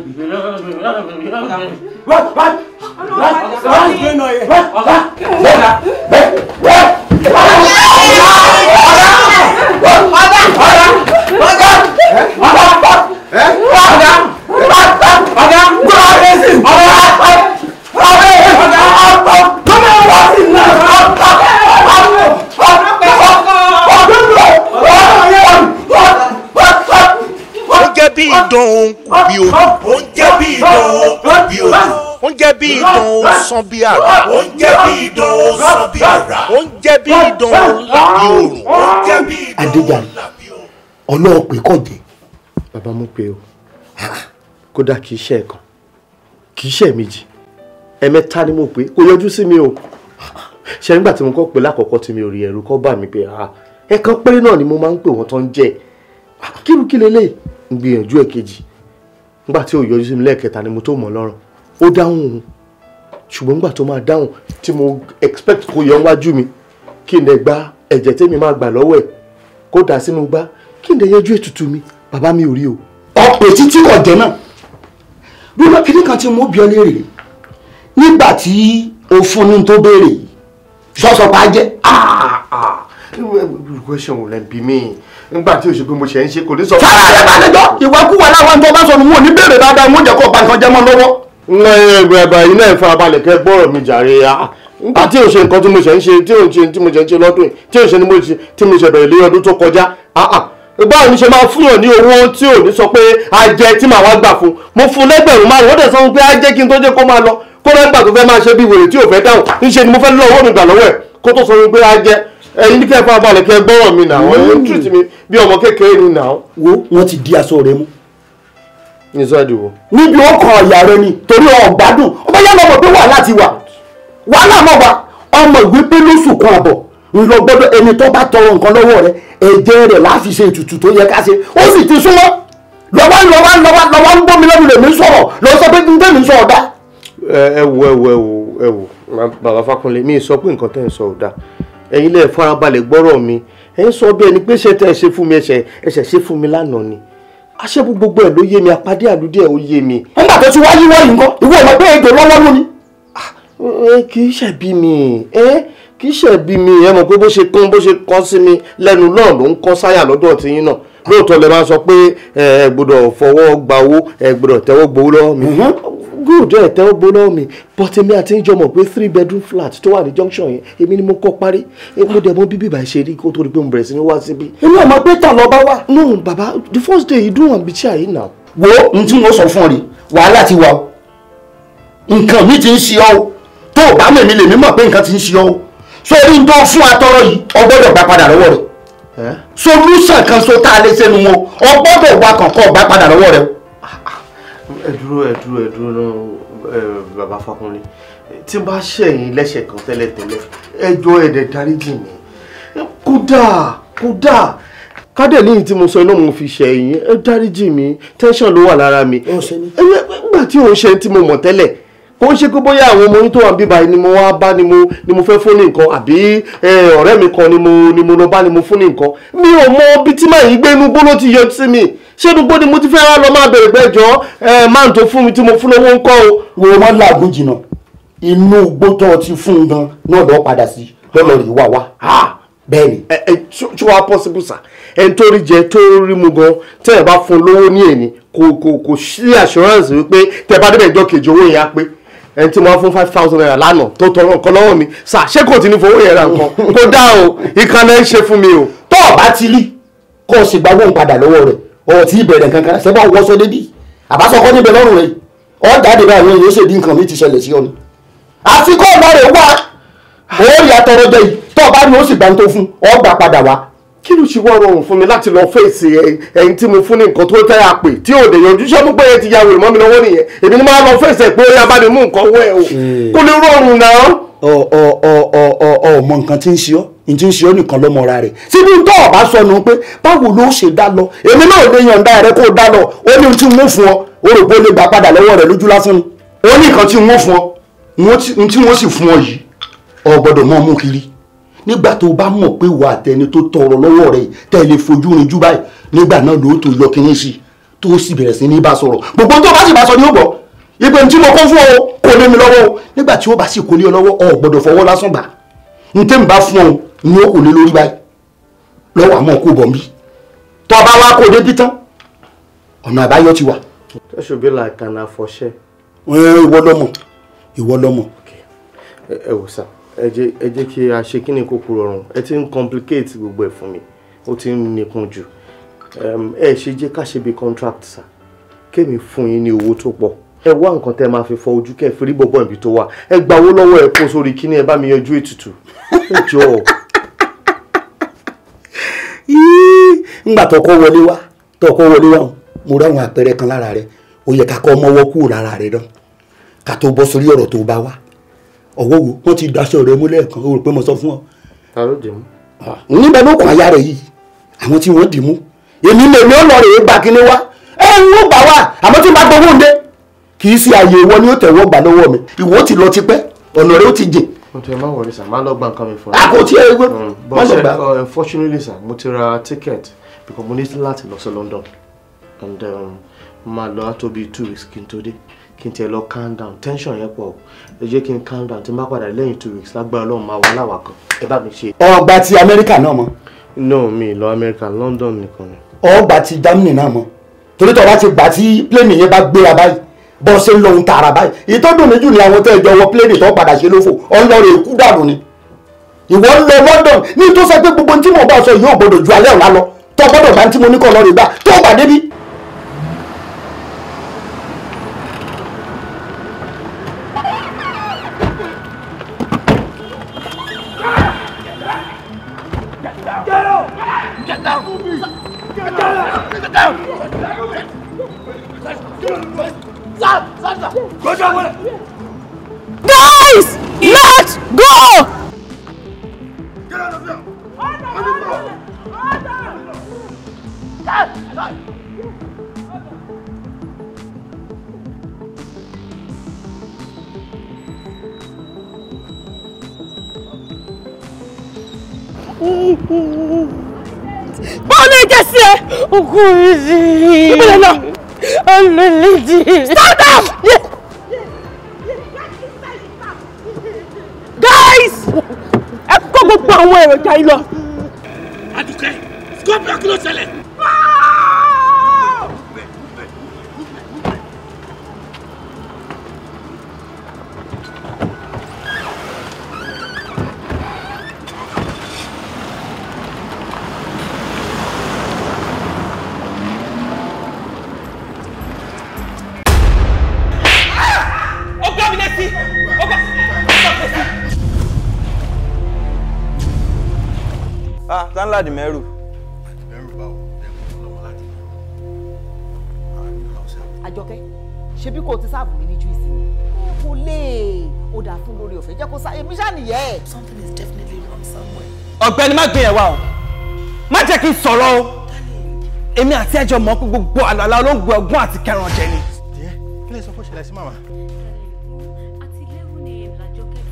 What? What? What's going on here? What? What? Bẹ́ẹ̀na. Bẹ́ẹ̀. Bẹ́ẹ̀. Ọ̀gá. Ọ̀gá. Ọ̀gá. Ọ̀gá. Ọ̀gá. Ọ̀gá. Ọ̀gá. Ọ̀gá. Ọ̀gá. bí idán òun kù bí odò. ó ń jẹ́ bí idán òun kù bí odò. ó ń jẹ́ bí idán òun sán bí àrá. ó ń jẹ́ bí idán òun sán bí àrá. ó jẹ́ bí idán òun là bí òrùn. ó jẹ́ bí idán òun là bí òrùn. ọlọ́ọ̀pẹ̀ kọ̀ dé. bàbá mo pe o ah, kódà kì í ṣe ẹ̀kan kì í ṣe ẹ̀mejì ẹ̀mẹ́ta ni mo pe kò yọjú sí mi o ṣe nígbà tí mo kọ́ pé lákọ̀ọ́kọ́ tí mi ò rí ẹ̀rù kọ́ bà mí pé ah, ẹ̀kan péré náà ni mo máa ń pè wọ́n tó jẹ́ ẹ̀ kírú kí lélẹ̀ ń gbìyànjú ẹ̀ kejì nígbà tí ò yọjú sí mi lẹ́ẹ̀kẹta ni mo tó mọ̀ lọ́rùn ó dáhùn òun ṣùgbọ́n nígbà tó máa dáhùn tí mo expect kó yọ wájú mi kí n dẹ̀ gba ẹ̀jẹ̀ tẹ́mi máa gbà lọ́wọ́ ẹ̀ kó dà sínú gbá kí n dẹ̀ yẹjú ètùtù mi bàbá mi ò rí o. ọ̀pẹ títí kò jẹ́ náà bí wọ́n kíní kan ti mú bí ọ léèrè nígbà tí o fún ní tó béèrè yìí sọ́sọ́ pa á jẹ́. Ah, ah. question ò lẹ́bi ńgbà tí o ṣe pé mo ṣe ń ṣe kò ní sọ. sábà rẹ̀ bá nìjọ́ ìwàkúwà láwọn tó bá sọnù wọn ò ní béèrè dáadáa wọn jẹ́ kó ba nǹkan jẹ́ mọ́ lọ́wọ́. ńlá ìgbàgbà yìí náà farabalẹ̀ kẹ́ gbọ́rọ̀ mi jàre ya ńgbà tí o ṣe nǹkan tí mo ṣe ń ṣe tí o ṣe tí mo ṣe ń ṣe lọ́dún yìí tí o ṣe tí mo ṣe bẹ̀rẹ̀ lé ọdún tó kọjá báwo ni ṣe máa fún yàn ní owó tí ò ní sọ pé a jẹ tí màá wá gbà fún mo fún lẹ́gbẹ̀rún márùn ó dẹ̀ sọ pé a jẹ kí n tó jẹ kó máa lọ kó lẹ́gbà tó fẹ́ máa ṣe bí wèrè tí ò fẹ́ dáhùn níṣe ni mo fẹ́ lọ owó mi gbà lọ́wọ́ ẹ̀ kó tó sọ wípé a jẹ ẹyin ní kẹfà balẹ̀ kẹ gbọ́rọ̀ mi náà wọ́n yóò hmm. treat mi bí ọmọ kékeré wo wọn ti di aṣọ rẹ mú. ní wo. níbi ọkọ̀ ọyà rẹ ni torí ọ̀gbádùn ọmọ yẹn wa pé wa. wà ọmọ ìwé pé lóṣù kan àbọ̀ ńlọ gbọ́dọ̀ ẹni tó bá tọrọ rẹ tó yẹ ká ṣe ó sì ẹ wo ẹ wo ẹ bàbá mi sọ pé ẹ̀yin lẹ farabalẹ̀ gbọ́rọ̀ mi ẹ̀yin sọ bí ẹni pé ṣe tẹ́ ẹ ṣe fún mi ẹ̀ṣẹ̀ ẹ̀ṣẹ̀ ṣe fún mi lánàá ni aṣẹ́gun gbogbo ẹ̀ ló yé mi apádé àlùdí ẹ̀ ó yé mi. nígbà tó ti wáyé wọ̀nyí nǹkan ìwọ ọmọ pé èdè lọ́wọ́ lónìí. Ah, kì í ṣẹ̀bi mi kì í ṣẹ̀bi mi ẹ mọ̀ pé bó ṣe kán bó ṣe kán sí mi lẹ́nu náà ló ń kán sáyà lọ́dọ̀ tiyín náà lóòótọ́ lẹ máa sọ pé ẹ gbọ́dọ̀ fọwọ́ gbawó ẹ gbọ́dọ̀ tẹ́wọ́ gbowó lọ́wọ́ mi mhm good ẹ tẹ́ ó gbóná mi but èmi àti ń jọ mọ̀ pé three bedroom flat tó wà ní junction yẹn èmi ni mo kọ́ parí mo dẹ̀ mọ bíbí ìbá ṣe rí kó tó di pé mo bẹ̀rẹ̀ sí ní wá síbí. inú ẹ̀ máa pé tà lọ́ba wà. no baba the first day you do am be chair yìí now. wo n tí mo sọ fún ọ rí wàhálà ti wà o nǹkan mi ti ń ṣe ọ o tó o bá mèmi lèmi mọ̀ pé nǹkan ti ń ṣe ọ o sórí ń dán fún atọ́rọ́ yìí o gbọ́dọ̀ padà lọ́wọ́ rẹ̀ solution kan so tá a lè ṣe nu wọn o gbọ́dọ̀ kankan gbà padà lọ́wọ́ rẹ̀ o ẹ dúró ẹ dúró ẹ dúró náà bàbá Fákúnlé tí n bá ṣẹ̀yìn lẹ́sẹ̀ kan tẹ́lẹ̀ tẹ́lẹ̀ ẹ jọ ẹ̀dẹ̀ dáríjì mi kódà kódà kádẹ̀ ní tí mo sọ iná mo fi ṣẹ̀yìn ẹ dáríjì mi tẹ́ńṣọ̀n ló wà lára mi nígbà tí òun ṣe tí mo mọ̀ tẹ́lẹ̀ kò ń ṣe pé bóyá àwọn ọmọ yín tó wà ń bíbá ni mo wá bá ni mo ni mo fẹ́ fún ní nǹkan àbí ọ̀rẹ́ mi kan ni mo ni mo lọ bá ni mo fún ní nǹkan mi ò mọ ibi tí màá yí gbé inú gbóló ti yọ sí mi ṣé dùgbò ni mo ti fẹ́ lọ máa bẹ̀rẹ̀ gbẹ́jọ́ máa ń tó fún mi tí mo fún lówó ń kọ́ o. wo wọn làágùn jìnnà inú gbótọ́ ti fún un gan náà lọ́ọ́ padà sí lọ́lọ́ rí wá wá bẹ́ẹ̀ ni. ẹ ẹ tí wàá possible sir ẹ n tó rí jẹ tó rí mu gan tẹ́ ẹ bá fún lówó ní èní kò kò kò sí assurance wípé tẹ́ bá débẹ̀ ìjọ kejì owó yẹn á pé ẹni tí mo fún five thousand naira lánàá tó tọrọ nǹkan lọ́wọ́ mi sà ṣé kò tí ní fowó yẹn ra nǹkan kó dá o ìkànnì ẹ̀ ń ṣe fún mi o. tó o bá ti rí kó o sì gba owó padà lọ́wọ́ rẹ̀ ọ̀rọ̀ tí ìbẹ̀rẹ̀ kankan ṣe bá wọ́sọ débí àbásọkọ́ níbẹ̀ lọ́rùn rẹ̀ ọ̀ jáde báyìí wọn yóò ṣèdí nǹkan mi ti ṣẹlẹ̀ sí ọ ni. àfi kó o lọ rè wá òórì àtọrọ jẹ yìí tó o bá ní o sì gbà ń tó fún ọ gbà padà wá kí ló ṣe wá rọrùn fún mi láti lọ fèsì eh, ẹ̀yin tí mo fún ní nǹkan tó tẹ́ a pè tí ò dé yanjú ṣé mo pé ti ya wèrè mọ́ mi lọ́wọ́ nìyẹn èmi ni máa lọ fèsì ẹ̀ pé ó yá bá mi mú nǹkan wẹ̀ o kó lè rọrùn náà. ọ ọ ọ ọ ọ ọ mọ nǹkan tí ń ṣe ọ n ti ń ṣe ọ nìkan lọmọra síbi tó o bá sọnù pé báwo ló ṣe dá lọ èmi náà lè yànda rẹ kó dá lọ ó ní tí mo fún ọ o rò pé o lè gbà padà lọ́wọ́ rẹ lójú lásán ni ó ní nǹkan tí mo fún ọ n tí sì fún ọ yìí o gbọ́dọ̀ mọ mú kiri nígbà tó bá mọ̀ pé wà àtẹni tó tọrọ lọ́wọ́ rẹ̀ tẹ́ fojú rin jú báyìí nígbà náà ló tó yọ kínní sí tó sì bẹ̀rẹ̀ sí ní bá sọ̀rọ̀ gbogbo tó bá sì bá sọ ní ògbọ́ ìpè tí mo kó fún ọ kò lé mi lọ́wọ́ nígbà tí o bá sì kó lé ọ lọ́wọ́ ọ gbọ́dọ̀ fọwọ́ lásán gbà n tẹ́ mi bá fún ọ ni ó kò lé lórí báyìí lọ́wọ́ àmọ́ kò bọ̀ mí tọ́ bá wá kó débi tán ọ̀nà àbáyọ ti wà. that should be like an àfọ̀ṣẹ. ìwọ lọmọ ìwọ lọmọ. ẹ wò sáà ẹ jẹ́ kí a ṣe kí ni kókó rọrùn ẹ ti ń complicate gbogbo ẹ̀ fún mi ó ti ń nìkun jù ẹ ṣe jẹ́ ká ṣe bí contract sir kémi fún yín ní owó tó pọ̀ ẹ wá nǹkan tẹ́ máa fi fọ ojú kẹ́ fi rí bọ́bọ́ ibi tó wà ẹ gbawó lọ́wọ́ ẹ kó sórí kíní ẹ bá mi yanjú ètùtù ẹ jọ. ńgbà tọkọ wọlé wá tọkọ wọlé wá mo rí àwọn àpẹẹrẹ kan lára rẹ ó yẹ ká kọ́ ọmọ wọ́ kúrò lára rẹ dán ká tó bọ́ sórí ọ̀rọ̀ tó bá wá ọwọ́ wo wọ́n ti daṣọ rẹ mú lẹ́ẹ̀kan o rò pé mo sọ fún ọ. ta ló dì mú. Ah, níbẹ̀ ló kọ aya rẹ̀ yìí àwọn tí wọ́n dì mú èmi lèmi ó lọ rèé gba kíní wá ẹ ń wọ́n gbà wá àmọ́ tí n bá gbowó ndé kì í ṣe àyè ìwọ ni ó tẹ̀wọ́ gbà lọ́wọ́ mi ìwọ ti lọ tipẹ́ ọ̀nà rẹ ó ti jìn. mo ti ẹ má wọlé sà má lọ gba nǹkan mi fún ẹ. àkótí ẹ gbé má lọ gbà. but uh, unfortunately sir mo ti ra ticket because mo ní láti lọ sí London and um, máa lọ á tó two weeks kí n kí n tiẹ̀ lọ calm down tension yẹn pọ̀ ẹ jẹ́ kí n calm down tí n bá padà lẹ́yìn two weeks lágbára ọlọ́run máa wà láwà kan ẹ bá mi ṣe. ọgbà ti amẹ́ríkà náà mọ́. no mi lọ amẹ́ríkà london nìkan ni. ọgbà ti germany náà mọ́ torí tọ́ bá ti gbà tí plane yẹn bá gbéra báyìí bọ́ ṣe ń lọ ohun tààrà báyìí ìtọ́dún mi jù ni àwọn tẹ́ ìjọ wọ plane tó padà ṣe lófò ọlọ́run èkú dànù ni ìwọ ń lọ london ní tó sọ pé gbogbo tí mo bá sọ yìí ò gbọdọ̀ ju alẹ́ ọ̀la lọ mo ní kọ́ lọ́ọ́ rè gbà tó crazy. Give me the law. I'm a lady. Stand up! Yes. Guys! I've kó gbogbo àwọn èròjà yìí lọ. Adùkẹ́, Scorpio kí láti mú àárín hausa. àjọkẹ́ kò ti sáàbù mi ní júìsì kò lè ó dà fún lórí ọ̀fẹ́ jẹ́ kó sá èmi ṣáà something is definitely wrong somewhere. ọ̀gbẹ́ni má gbìyànjú wa o má jẹ́ kí n sọ̀rọ̀ o èmi àti ẹjọ́ mọ̀ pé gbogbo àlàlà olóńgbò ẹ̀gbọ́n àti kẹrin ọ̀jẹ̀ ni. díẹ̀ kí lè sọ fún ìṣẹ̀lẹ̀ sí màmá. àtìlẹ́wọ̀n ni làjọkẹ́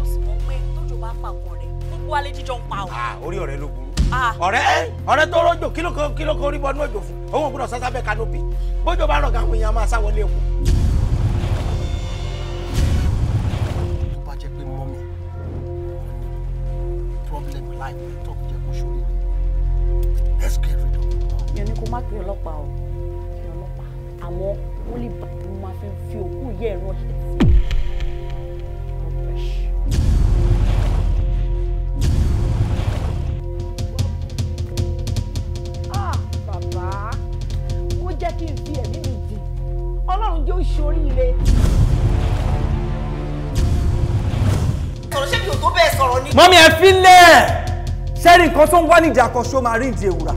o sì mọ̀ pé tójò bá pa ọkàn rẹ̀ gbogbo alẹ́ jíjọ ń pa o. Ah, orí ọ̀rẹ́ ló burú ah. ọ̀rẹ́ ọ̀rẹ́ tó rọ́jò kí ló kó rí bọ́nú òjò fún òun ògbúdọ̀ sásá bẹ́ẹ̀ kánópì bójò bá rọ̀gà àwọn èèyàn máa sá wọlé epo. tó bá jẹ́ pé mọ́mì problem láìpẹ́ tó jẹ́ kó ṣòro let's get rid of it. ni ò ní kó má pe ọlọ́pàá o pe ọlọ́pàá àwọn wọ́n lè bàbá máa fi òkú yẹ̀ ẹ̀rọ ẹ̀ sí. jẹ́ kí n fi ẹ̀mí mi dì ọlọ́run yóò ṣoríire. sọ̀rọ̀ ṣé mi ò tó bẹ́ẹ̀ sọ̀rọ̀ ni. mọ́mí ẹ fi lẹ̀ ṣẹ́rí nǹkan tó ń wá nídìí àkọ́ṣó máa rí ìdí èwùrà.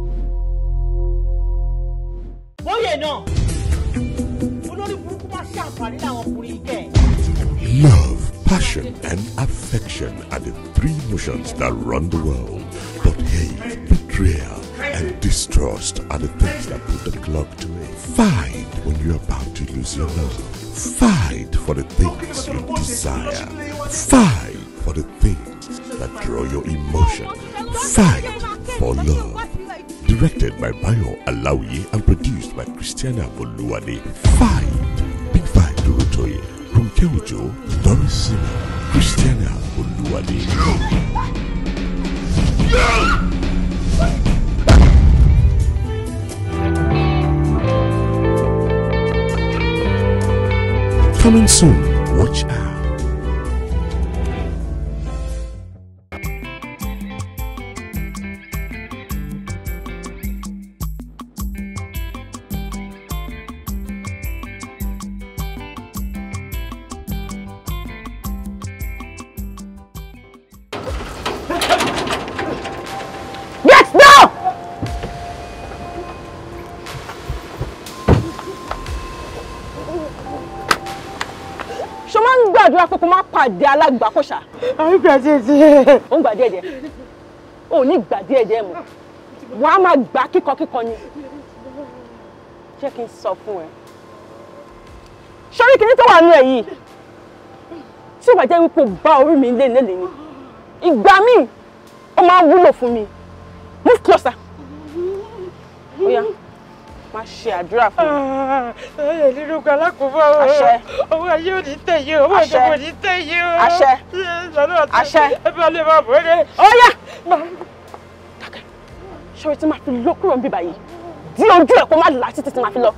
bóyè náà olórí burúkú máa ṣe àǹfààní láwọn ọkùnrin ikẹ́. Love, passion, and affection are the three emotions that run the world. But hate, betrayal, and distrust are the things that put the clock to it. Fight when you're about to lose your love. Fight for the things you desire. Fight for the things that draw your emotion. Fight for love. Directed by Bayo Alawi and produced by Christiana Voluade. Fight. Big Fight Durotoye. Runke Ojo, Doris Sina, Christiana Voluade. No! No! Coming soon. Watch out. pàdé alágbàkọ̀ṣà. àwọn ìgbà díẹ̀ díẹ̀. ó ń gbà díẹ̀ díẹ̀ ó ní gbà díẹ̀ díẹ̀ mọ́ wọn á máa gbà kíkọkíkọ ni jẹ́ kí n sọ fún ẹ. sọ́rí kìíní tó wà nù ẹ̀ yìí tí ìwà jẹ́ wípé bá orí mi lé lélẹ̀ ni ìgbà míì ó máa wúlò fún mi move closer. Ó Oh, yeah má ṣe àdúrà fún mi. ẹ ah, nínú kan alákòóbọ̀ o owó ayé ò ní tẹ̀yé o owó ìdókòwò ò ní tẹ̀yé o. àṣẹ àṣẹ ẹ bá lè máa bọ̀ ẹ́. ọ̀yà ṣọ̀rọ̀ tí máa fi lọ ń bíbá yìí dí ojú ẹ̀ kó má là títí máa fi lọ.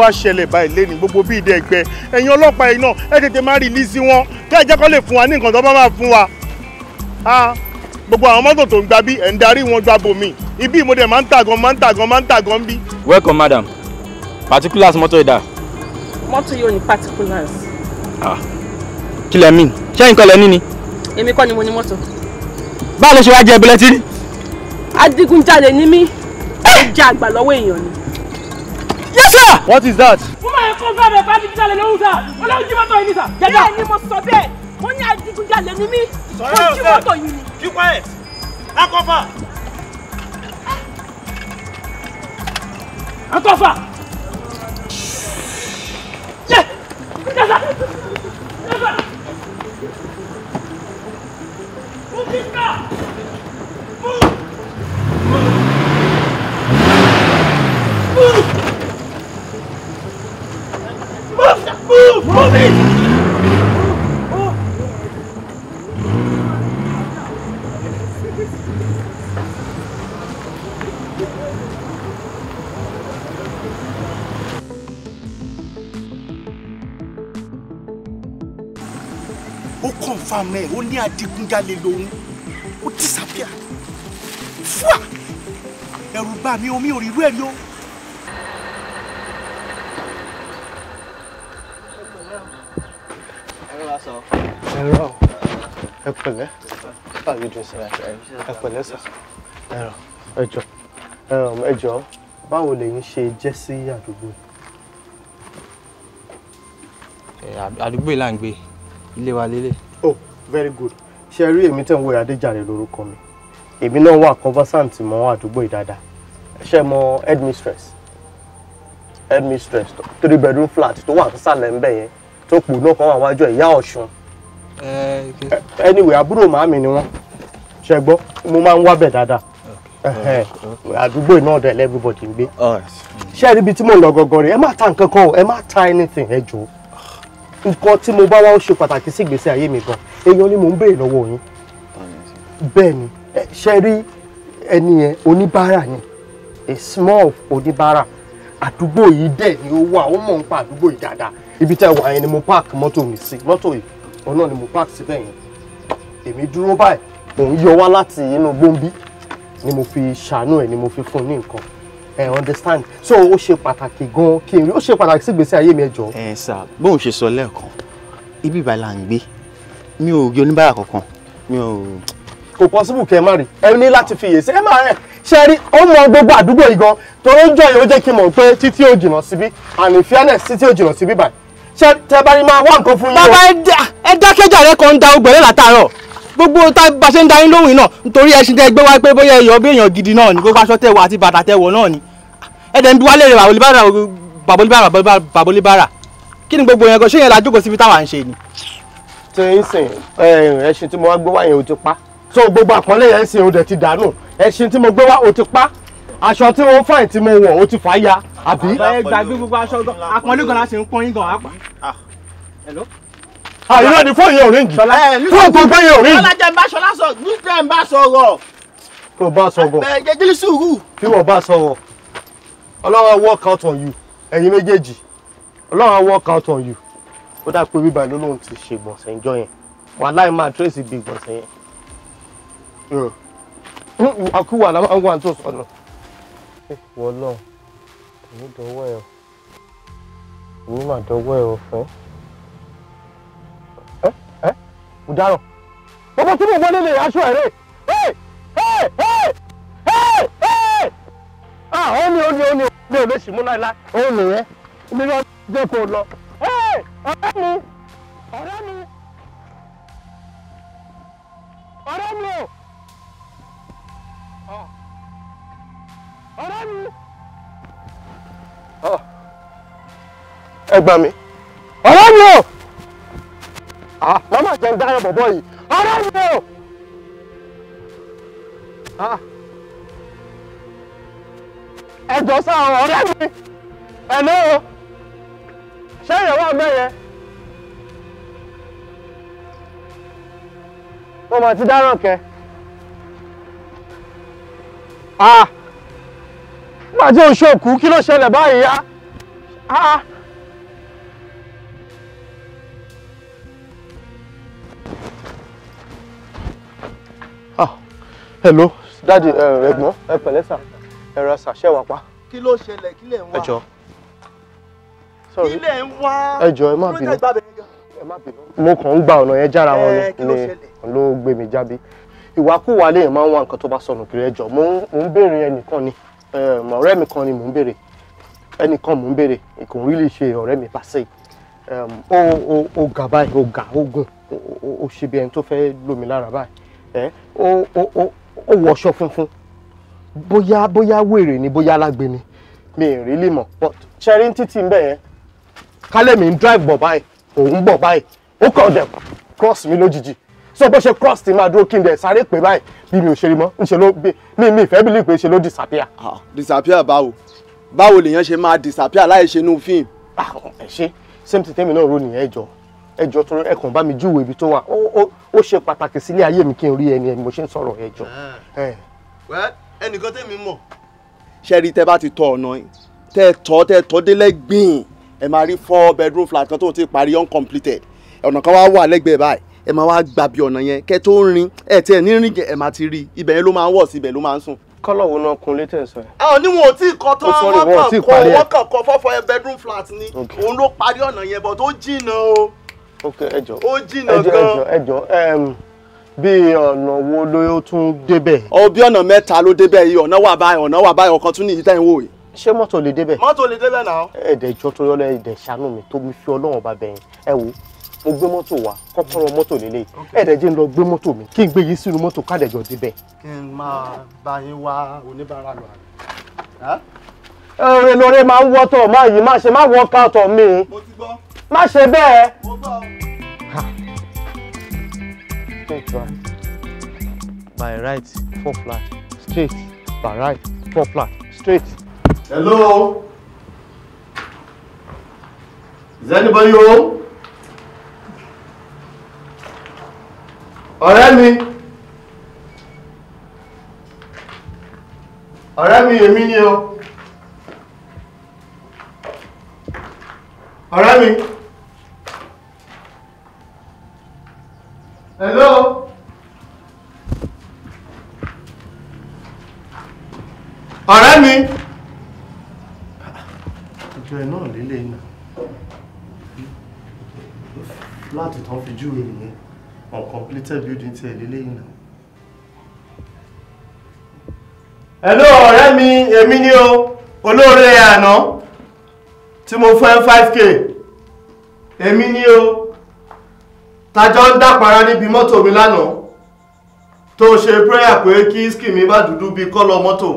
wá ṣẹlẹ̀ báyìí lé gbogbo bíi ìdẹ́gbẹ́ ẹ̀yin ọlọ́pàá yìí ẹ tètè máa rìlíìsì wọn kí ẹ jẹ́ kó lè fún wa ní nǹkan tó bá máa fún wa gbogbo àwọn mọ́tò tó ń gba bí ẹ̀ ń darí wọn gba bòmí ibi mo máa ń tàgàn máa ń tàgàn máa ń tàgàn bí. welcome madam particulars mọ́tò ẹ̀dá. mọ́tò yóò ní particulars. ah kí lẹ mí ṣé nǹkan lẹ ní ni. èmi kọ́ ni mo ní mọ́tò. báwo ló ṣe wá jẹ ẹbí lẹ́tí. adigunjalè ni mí ó What is that? Fúnma yẹn kó fẹ́ rẹ̀ fáti jíjalè lóhùn sá. Olóhùn jí mọ́tò yìí ni sá. Bẹ́ẹ̀ ni mo sọ bẹ́ẹ̀, mo ní adigunjalè ni mí. Sọ̀rọ̀ ẹ̀ sẹ́, keep quiet, Akọ́fà. Akọ́fà. Yẹ, jẹ́sà. Jẹ́sà. Mú kíkà. Mú. me! confam ẹ ó ní adigunjalè lòun ó disappear fúà ẹ̀rù bà mí omi ò rí rú ẹ ni ó. pẹ̀lẹ́ pàgẹ́jọ sí ẹ pẹ̀lẹ́ sà ẹ̀rọ ẹ̀jọ̀ ẹ̀jọ̀ báwo lèyìn ṣe jẹ́ sí àdúgbò. Eh, àdúgbò là ń gbé ilé wa lélẹ̀. oh very good ṣe rí èmi tẹ̀ ń wo Adéjàre lórúkọ mi èmi náà wà conversant mọ́ àdúgbò ìdáadáa ṣe mọ headmistress headmistress three bedroom flat tó wà nísàlẹ̀ ńbẹ̀ yẹn tó pò náà kan wà wájú ẹ̀ yá ọ̀ṣun Eh, anyway àbúrò màámi ni wọ́n ṣe gbọ́ mo máa ń wábẹ̀ dáadáa eh, eh, àdúgbò náà dẹ̀ everybody ń gbé ṣé ẹ ríbi tí mò ń lọ gọgọ rẹ ẹ má ta nǹkan kan o ẹ má ta anything ẹ jọ̀ọ́ nǹkan tí mo bá wá ó ṣe pàtàkì sí ìgbésí ayé mi gan èèyàn ni mò ń béèrè lọ́wọ́ yín bẹ́ẹ̀ ni ṣe rí ẹni yẹn oníbàárà yẹn a small oníbàárà àdúgbò yìí dẹ̀ ni ó wà ó mọ̀ pa àdúgbò yìí dáadáa ibi tẹ́ wà yẹn ni mo park mọ́tò mi sí mọ́tò yìí òun náà ni mo park síbẹ̀ yẹn èmi dúró báyìí òun yọ wá láti inú gbòǹbí ni mo fi ṣàánú ẹ̀ ni mo fi fún un ní nǹkan ẹ understand so ó ṣe pàtàkì gan kí n rí ó ṣe pàtàkì sí ìgbésí ayé mi ẹ jọ. ẹ sà bóun ṣe sọ lẹ́ẹ̀kan ibi ìbàlà ń gbé mi ò rí oníbàárà kankan mi ò. kò possible kẹ́ ẹ má rí ẹ ní láti fi yèsí ẹ máa rẹ ṣe rí ó mọ gbogbo àdúgbò yìí gan torí ó jọ yìí ó jẹ́ kí n mọ̀ pé títí ò jìnnà síbí and in fairness títí ò jìnnà síbí báyìí tẹ bá máa wá nǹkan fún yín. bàbá ẹ dákẹ́jà rẹ kan ń da ogbẹ̀rẹ́ látàárọ̀ gbogbo tá a ṣe ń darí lóhùn náà nítorí ẹṣin tẹ gbé wá pé bóyá ẹyọ bí èèyàn gidi náà ni gbogbo aṣọ tẹ wọ àti bàtà tẹ wọ náà ni ẹdẹ ń bi wálé rẹ bàbólíbàrà bàbólíbàrà bàbólíbàrà kí ni gbogbo yẹn kan ṣé yẹn la jókòó síbi táwa ń ṣe ni. ṣe ń sìn ẹṣin tí mo wá gbé wá yẹn o ti pa so gbogbo àpọ́nlé yẹn ń sìn o dẹ̀ ti dànù ẹṣin tí mo gbé wá o ti pa aṣọ tí mo fáìn tí mo wọ̀ o ti fà á ya àbí. ẹ gbàgbé gbogbo aṣọ gan àpọ́nlé gan la ṣe ń pọ́n yín gan apá. àyìnbá ni fóònù yẹn ò ríǹgì fóònù tó gbé yẹn ò ríǹgì. ọlá ń bá sọ ní tẹ́ ń bá sọ̀rọ̀. kí wọ́n bá sọ̀rọ̀ jẹjẹrẹ sùúrù. kí wọ́n bá sọ̀rọ̀ ọlọ́run work out on you ẹ̀yin méjèèjì ọlọ́run work out on you ó dà pé bíbá ìlú lòun ti ṣe gbọ̀nsẹ̀ ìjọ yẹn wàhálà máa tracy bí gbọ̀nsẹ̀ yẹn. àkúwà làwọn àwọn àti òsàn náà. wọ́n lọ́run èmi dọwọ́ ẹ èmi mà dọwọ́ ẹ ọ̀fẹ́ ẹ ẹ mo dáràn gbogbo tí mo wọlé lè aṣọ ẹ̀rẹ́ ah, ó ní ó ní ó ní mi ò lè ṣì mú láéláé ó nìyẹn mi lọ jẹ́ kó lọ ọ̀rẹ́ mi ọ̀rẹ́ mi ọ̀rẹ́ mi ọ̀rẹ́ mi ẹ gbà mí ọ̀rẹ́ mi o màmá ah, jẹ́ ń dáná bọ̀bọ̀ yìí ọ̀rẹ́ mi o. Ah. ẹ jọ sá ọ̀rẹ́ mi ẹ ní o ṣé ìyàwó àmẹ́yẹ. mo mà ti dáràn kẹ. Ah! nígbà tí oṣù òkú kí ló ṣẹlẹ̀ báyìí yá hello dadi eh, ẹ̀gbọ́n ẹ pẹ̀lẹ́ sà ẹ ra sà ṣẹwàá pa. kí ló ṣẹlẹ̀ kí lẹ̀ ń wá. ẹ jọ sorry kí lẹ̀ wá. ẹ jọ ẹ má bínú mo kàn ń gba ọ̀nà yẹn jára wọn eh, ni ló gbé mi jábí ìwàkúwà lèèyàn máa ń wá nǹkan tó bá sọnù kiri ẹ jọ mo ń béèrè ẹnìkan ni. ọ̀rẹ́ mi kan ni mò ń ẹnìkan mò ń béèrè kò ṣe ọ̀rẹ́ mi pàṣẹ o gà báyìí o gà ó gùn o ṣe bí ẹni tó fẹ́ lómi lára báyìí ó o funfun bóyá bóyá wèrè ni bóyá alágbe mi ì rí but ṣẹ́rí títì drive bọ̀ báyìí òun bọ̀ báyìí ó dẹ̀ cross mi lójijì so bó ṣe cross ti máa dúró kí n dẹ̀ sáré pé báyìí bí mi ò ṣe rí mọ́ ńṣe ló mi mi ìfẹ́ bí lè pé ṣe ló disappear. Ah, disappear báwo báwo lèèyàn ṣe máa disappear láì ṣe inú fíìmù. Ah, ẹ ṣe same thing tẹ́mi náà rò nìyẹn ẹjọ́ ẹjọ́ tó ẹkùn bá mi júwèé ibi tó wà ó ṣe pàtàkì sílé ayé mi kí n rí ẹni ẹni mo ṣe ń sọ̀rọ̀ ẹjọ́. Ah. Eh. ẹnìkan tẹ́mi mọ̀. ṣẹ́rí tẹ́ bá ti tọ ọ̀nà yìí tẹ́ tọ́ tẹ́ tọ́ délẹ̀ gbìn ẹ̀ máa four bedroom flat kan tó ti parí uncompleted ọ̀nà kan wá wà lẹ́gbẹ̀ẹ́ báyìí ẹ máa wá gbàbí ọ̀nà yẹn kẹ́ tó ń rin ẹ tẹ ní rìn ẹ máa ti rí ibẹ̀ yẹn ló máa ń wọ̀ sí ibẹ̀ ló máa ń sùn. kọ́lọ̀ wo náà kun létẹ̀ sọ ẹ̀. àwọn oníwọ̀n ò tí kọ́ tán oh, wọ́n kàn kọ́ wọ́n kàn kọ́ fọ́fọ́ ẹ bedroom flat ni òun ló parí ọ̀nà yẹn bọ̀ tó jìnnà o. ok ẹjọ ó jìnnà gan. ẹjọ ẹjọ bí ọ̀nà wo ló tún débẹ̀. ọ bí ọ̀nà mẹ́ta ló débẹ̀ yìí ọ̀nà wà báyìí ọ̀nà wà báyìí ọ̀kan tún nìyí tẹ́yìn wò yìí. ṣé mọ́tò lè débẹ̀. mọ́tò lè débẹ̀ náà. ẹ̀ẹ́dẹ̀jọ́ tó yọ lẹ́yìn ẹ̀dẹ̀ mi tó mi fi ọlọ́run bá bẹ̀yìn ẹ wo mo gbé mọ́tò wá kọ́kọ́rọ́ mm. mọ́tò nílé ẹ̀ẹ́dẹ̀ jẹ́ ń lọ gbé mọ́tò mi kí n gbé yín sínú mọ́tò kádẹ́jọ débẹ̀. kí n máa bá yín wá oníbàárà lọ àná. ẹ̀rẹ̀ máa ń wọ́tọ̀ máa yìí má ṣe má wọ́n ká ọ̀tọ̀ mi má ṣe bẹ́ẹ̀. mo gbọ́ o. by right four flat straight by right four flat straight. hello is anybody home. ọ̀rẹ́ mi ọ̀rẹ́ mi èmi ni o ọ̀rẹ́ mi hello ọ̀rẹ́ mi ọjọ́ ẹ̀ náà lélẹ̀ iná láti tán fi júwe nìyẹn uncompleted building ti ẹ̀ lélẹ́yìn náà. hello ọ̀rẹ́ mi èmi ni o olóore àná tí mo fẹ́ 5k èmi ni o tajọ́ ń dàpara níbi mọ́tò mi lánàá tó ṣe prayer pé kí skin mi bá dúdú bíi kọ́lọ̀ mọ́tò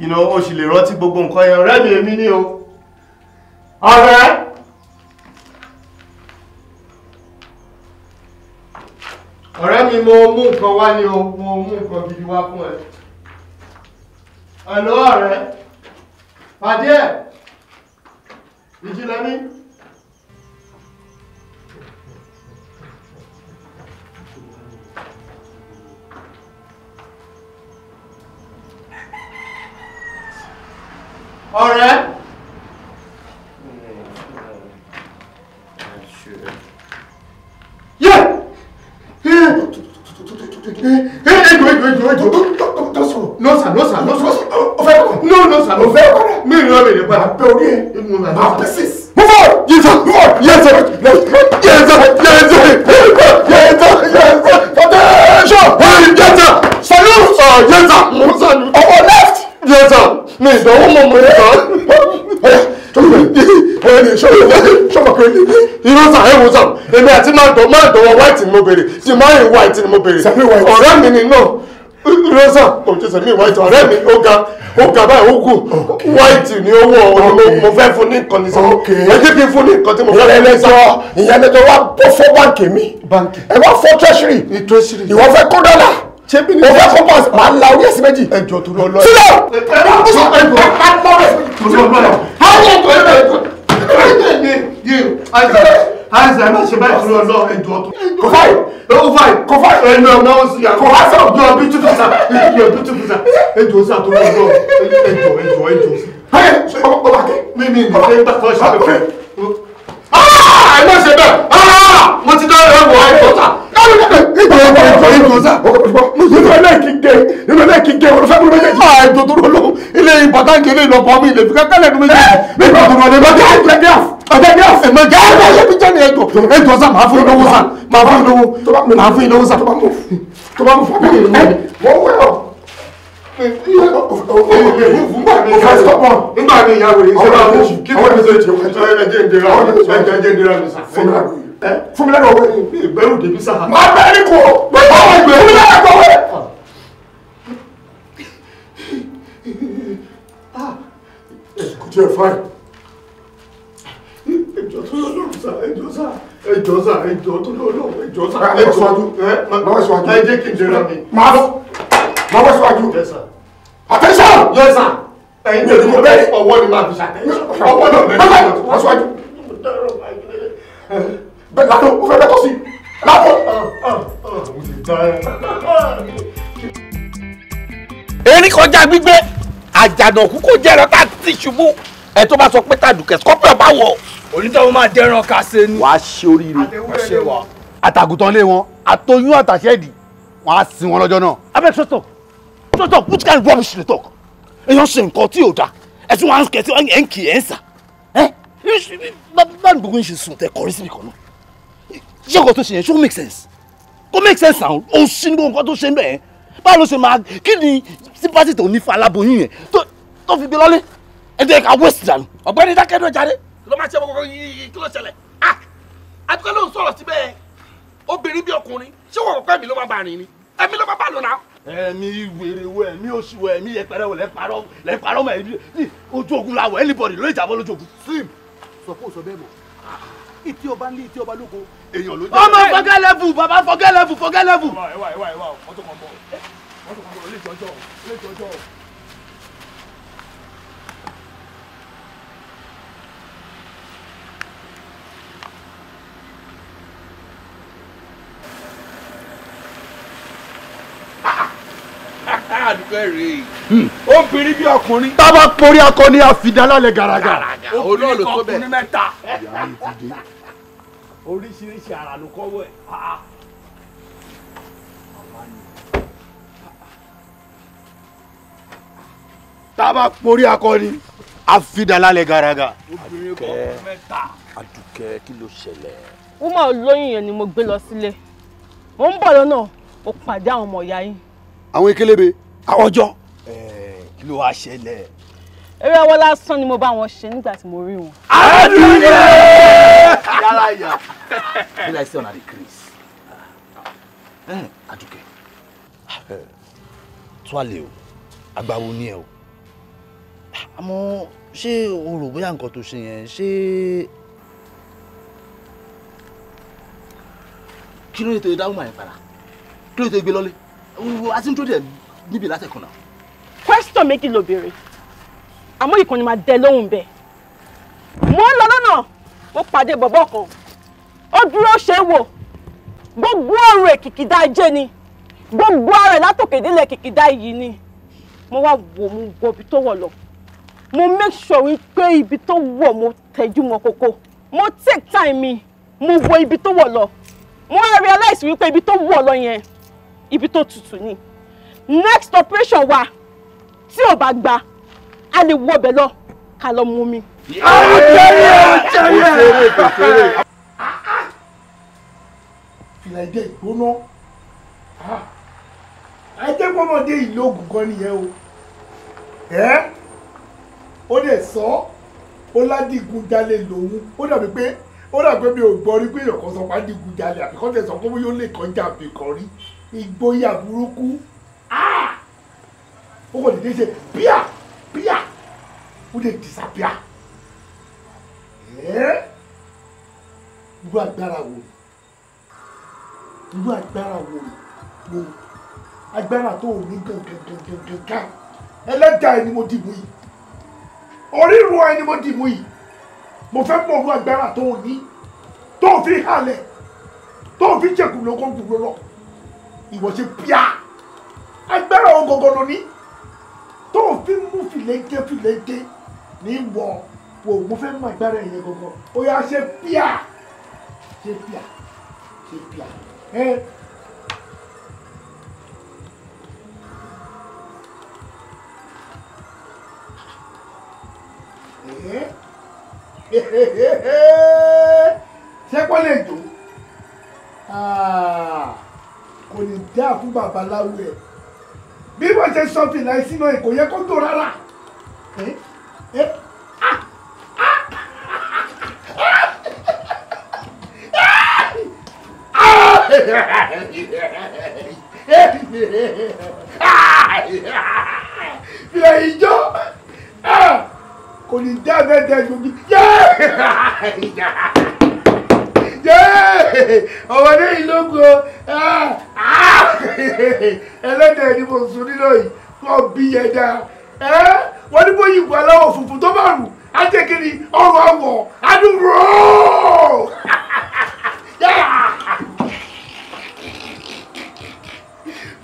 you know o sì lè rántí gbogbo nǹkan yẹn ọ̀rẹ́ mi èmi ni o ọ̀rẹ́ ọ̀rẹ́ mi mo mú nǹkan wá ní o mo mú nǹkan gidi wá fún ẹ ẹ̀lọ́ ọ̀rẹ́ pàdé ẹ̀ ìjìnlẹ̀ mi. ọ̀rẹ́. ọwọ́ white ni mo béèrè jimani white ni mo béèrè ọ̀rẹ́ mi ni náà rosa òjò sẹ̀mí white ọ̀rẹ́ mi ó ga ó ga báyìí ó kù white ni ó wọ̀ ọ́ ni mo fẹ́ fún ní nǹkan ní sọ́wọ́ ẹ jẹ́ kí n fún ní nǹkan tí mo fẹ́ fún ní ìyẹn lẹ́jọ́ wa bọ́ fọ́ báǹkì mi ẹ wá fọ́ treasury ìwọ fẹ́ kó dọ́là ṣebí ni ọfẹ fún pọs máa la orí ẹsẹ méjì. ẹ jọ torí ọlọ. sílẹ̀ o. ẹ bá bá bá bá bá bá bá bá bá bá bá bá bá bá bá bá bá bá bá àìsàn ẹ má ṣe báyìí torí ọlọ́run ẹjọ́ tó. kò fáyì kò fáyì kò fáyì ẹnu ọmọ ó sì yà kò fáyì sọ ọjọ́ bí tútù sà ẹjọ́ bí tútù sà ẹjọ́ sà torí ọlọ́run ẹjọ́ ẹjọ́ ẹjọ́ sà. ẹ ṣe ọkọ bàkẹ́. mi mi mi ṣe ń bá fọ ṣe pé. ẹ má ṣe bẹ́ẹ̀ mo ti dá ẹ wọ ẹjọ́ sà. ẹjọ́ ẹjọ́ ẹjọ́ sà ìfẹ́ náà kì í gé ìfẹ́ náà kì í gé olùfẹ́ mi méjèèjì. a ètò tó lọ ilé ìbàdàn kele ìlọ̀pọ̀ mi ìlẹ̀fẹ́ kẹ́lẹ́ mi méjèèjì. mi ìbàdàn ọ̀dẹ̀ bá kí á jẹ́ kí á ọbẹ bí ọfẹ mọ jẹ ẹgbẹ ayé mi jẹ ní ẹjọ ẹjọ sá máa fún yín lówó sá máa fún yín lówó máa fún yín lówó sá. tó bá mú fún mi lè mú wọ́n wẹ̀ ọ́ nígbà mi ìyá wèrè ṣe máa fún kí wọ́n ti ṣe jẹun ẹjọ́ ẹjẹ́ ìdíra ẹjẹ́ ẹjẹ́ ìdíra mi sá. fún mi lẹ́nu ọwọ́ ìgbẹ́rù dèbí sá. máa bẹ́ẹ̀ ní kò pẹ̀lú àwọn ìgbẹ́rù lẹ́nu ọwọ́ Kò tiẹ̀ fáyì. ẹjọ sà ẹjọ tó lọ lọ ẹjọ sà ẹjọ síwájú lọ́wọ́ síwájú ẹ jẹ́ kí n jẹrọ mi. máa lọ lọ́wọ́ síwájú. attention. yes sir. ẹyin tẹ̀lé mo bẹ́ẹ̀ ọwọ́ ni máa fi ṣàtẹ̀yìn ọwọ́ náà bẹ́ẹ̀ lọ́wọ́ síwájú. bẹ́ẹ̀ lánàá ó fẹ́ bẹ́ẹ̀ tọ́ sí lánàá. erin kọjá gbígbé àjànàkú kò jẹ́ ẹ̀rọ tá a ti ṣubú ẹ̀ tó bá sọ pé tàdùkẹ́ scorpion bá wọ̀ onítọ̀hún máa dẹ́ran ká ṣe ni. wàá ṣe oríire àtàgùtàn lé wọn àtọyún àtàṣẹ́ẹ̀dì wọn á sin wọn lọ́jọ́ náà. abeg sọ́tọ̀ sọ́tọ̀ which kind of rubbish you dey talk èèyàn ṣe nǹkan tí ò da ẹ̀sùn wa ń kẹ́ tí ẹ̀ ń kì í ẹ̀ ń sà báwo gbogbo ń ṣe sùn tẹ kọrin síbi kan náà ṣé nǹkan tó ṣe yẹn ṣé ó make sense kó make sense àwọn òṣì ní gbogbo nǹkan tó ṣe ń bẹ̀ yẹn báwo ló ṣe máa kí ni sympathy tó ní fún aláboyún yẹn tó fi gbé lọ́lé ẹ̀ tó yẹ ká waste dànù ọ̀gbẹ́ni dákẹ́dọ̀ jáde ló máa ṣe gbogbo yìí kí ló ṣẹlẹ̀ ah àdúgbò ló ń sọ̀rọ̀ síbẹ̀ obìnrin bí ọkùnrin ṣé wọ́n kọ́kọ́ mi ló máa bá rìn ni ẹ̀mí ló máa bá lò náà. ẹ̀mí wèrèwò ẹ̀mí oṣùwọ̀ ẹ̀mí yẹpẹrẹ wò lẹ́parọ́ lẹ́parọ́ mọ̀ ẹ̀mí ojú ogun la wọ̀ anybody ló lè lójú ogun. sim sọ fún òsọ bẹ́ẹ̀ mọ̀ ìtí ọba ní ìtí ọba lóko èèyàn ló jẹ́. ọmọ fọgẹ́ lẹ́fù bàbá fọgẹ́ lẹ́fù fọgẹ́ lẹ́fù. ẹ wá ẹ wá ẹ wá ọ àdúgbò rèé obìnrin hmm. bí ọkùnrin. tábà porí akọni àfidálálẹ̀ gàràgà. olóòlù tó bẹ̀ obìnrin mẹ́ta oríṣiríṣi ara ló kọ́wọ́ ẹ̀. tábà porí akọni àfidálálẹ̀ gàràgà. obìnrin bí ọkùnrin mẹ́ta. Àdùkẹ́ kí ló ṣẹlẹ̀. wọ́n máa lóyún yẹn ni mo gbé lọ sílé mo ń bọ̀ lọ́nà ó pàdé àwọn ọmọ ìyá yín. àwọn ekelebe àwọn ọjọ́. kí ló wá ṣẹlẹ̀. eré ọwọ́ lásán ni mo bá wọn ṣe nígbà tí mo rí wọn. àdúyẹ. yàrá yà. bí láì sí ọ̀nà àdé chris. àdùkẹ́ tó o àgbàwo ni ẹ o àmọ́ ṣé o rò bóyá nǹkan tó ṣe yẹn ṣé kí ló lè tó dáhùn àyè padà kí ló tó gbé lọ́lé a ti ń dúró dẹ̀ níbi látẹ̀kùn náà. question méjì ló béèrè àmọ́ ìkànnì máa dẹ lóhùn bẹ́ẹ̀ mo ń lọ lọ́nà mo pàdé bọ̀bọ̀ kan ó dúró ṣe é wò gbogbo ọ̀rọ̀ èkìkìdá jẹ́ ni gbogbo ara ẹ̀ látòkè délẹ̀ èkìkìdá yìí ni mo wá wò mo wọ ibi tó wọ̀ lọ mo make sure wípé ibi tó wọ̀ mo tẹjú mọ́ kókó mo take time mi mo wo ibi tó wọ̀ lọ mo wá realize wípé ibi tó wọ̀ lọ yẹn ibi tó tutù ni next operation wa tí ò bá gba a lè wọ ọbẹ̀ lọ ká lọ mú mi. àwọn jẹ́rìí àwọn jẹ́rìí. fìlà ìdẹ́ ìgbóná àìjẹ́pọ̀mọdé ah, ìlú ògùn kan nìyẹn o ẹ́ ó dẹ̀ sọ ó ládìgún jalè lòun ó dàbí pé ó dàbí pé mi ò gbọ́ rí pé èèyàn kan sọ pé á jalè àbíkọ́ tẹ̀sán kó bóyá lè kọjá àbíkọ́ rí ìgboyà burúkú ah! ó kò dédé ṣe píà píà ó lè disapia irú agbára wo irú agbára wo wo agbára tó o ní gangan ẹlẹ́dàá ẹni mo dìbò yìí orírun ẹni mo dìbò yìí mo fẹ́ mọ̀ irú agbára tó o ní tó o fi halẹ̀ tó o fi jẹ̀kùn lọ́kọ́ gbùgbọ́ lọ́kọ́ ìwọ ṣe píà agbára ọgọgọdọ ni tó o fi mú fìlẹ́ńkẹ́ fìlẹ́ńkẹ́ ní wọ wò mo fẹ́ mọ agbára ẹ̀yẹ gọgọ ó yà ṣe píà ṣe píà ṣe píà ẹ. ṣé kò lè Ah kò ní dáa fún babaláwo ẹ̀ bí wọ́n ṣe sọ́ọ̀tì láì sínú ẹ̀ kò yẹ kó tó rárá eh? eh? ah! ah! fìlà ìjọ ah! kò ní dá bẹ́ẹ̀ dẹ́ gbòógì ọmọdé yìí ló gbó ẹlẹ́dẹ̀ ni mo sùn nílò yìí kọ́ bí ẹja ẹ wọ́n ní bóyá ìgbà aláwọ̀ funfun tó bá rù á jẹ́ kiri ọrùn àwọ̀ adúrò.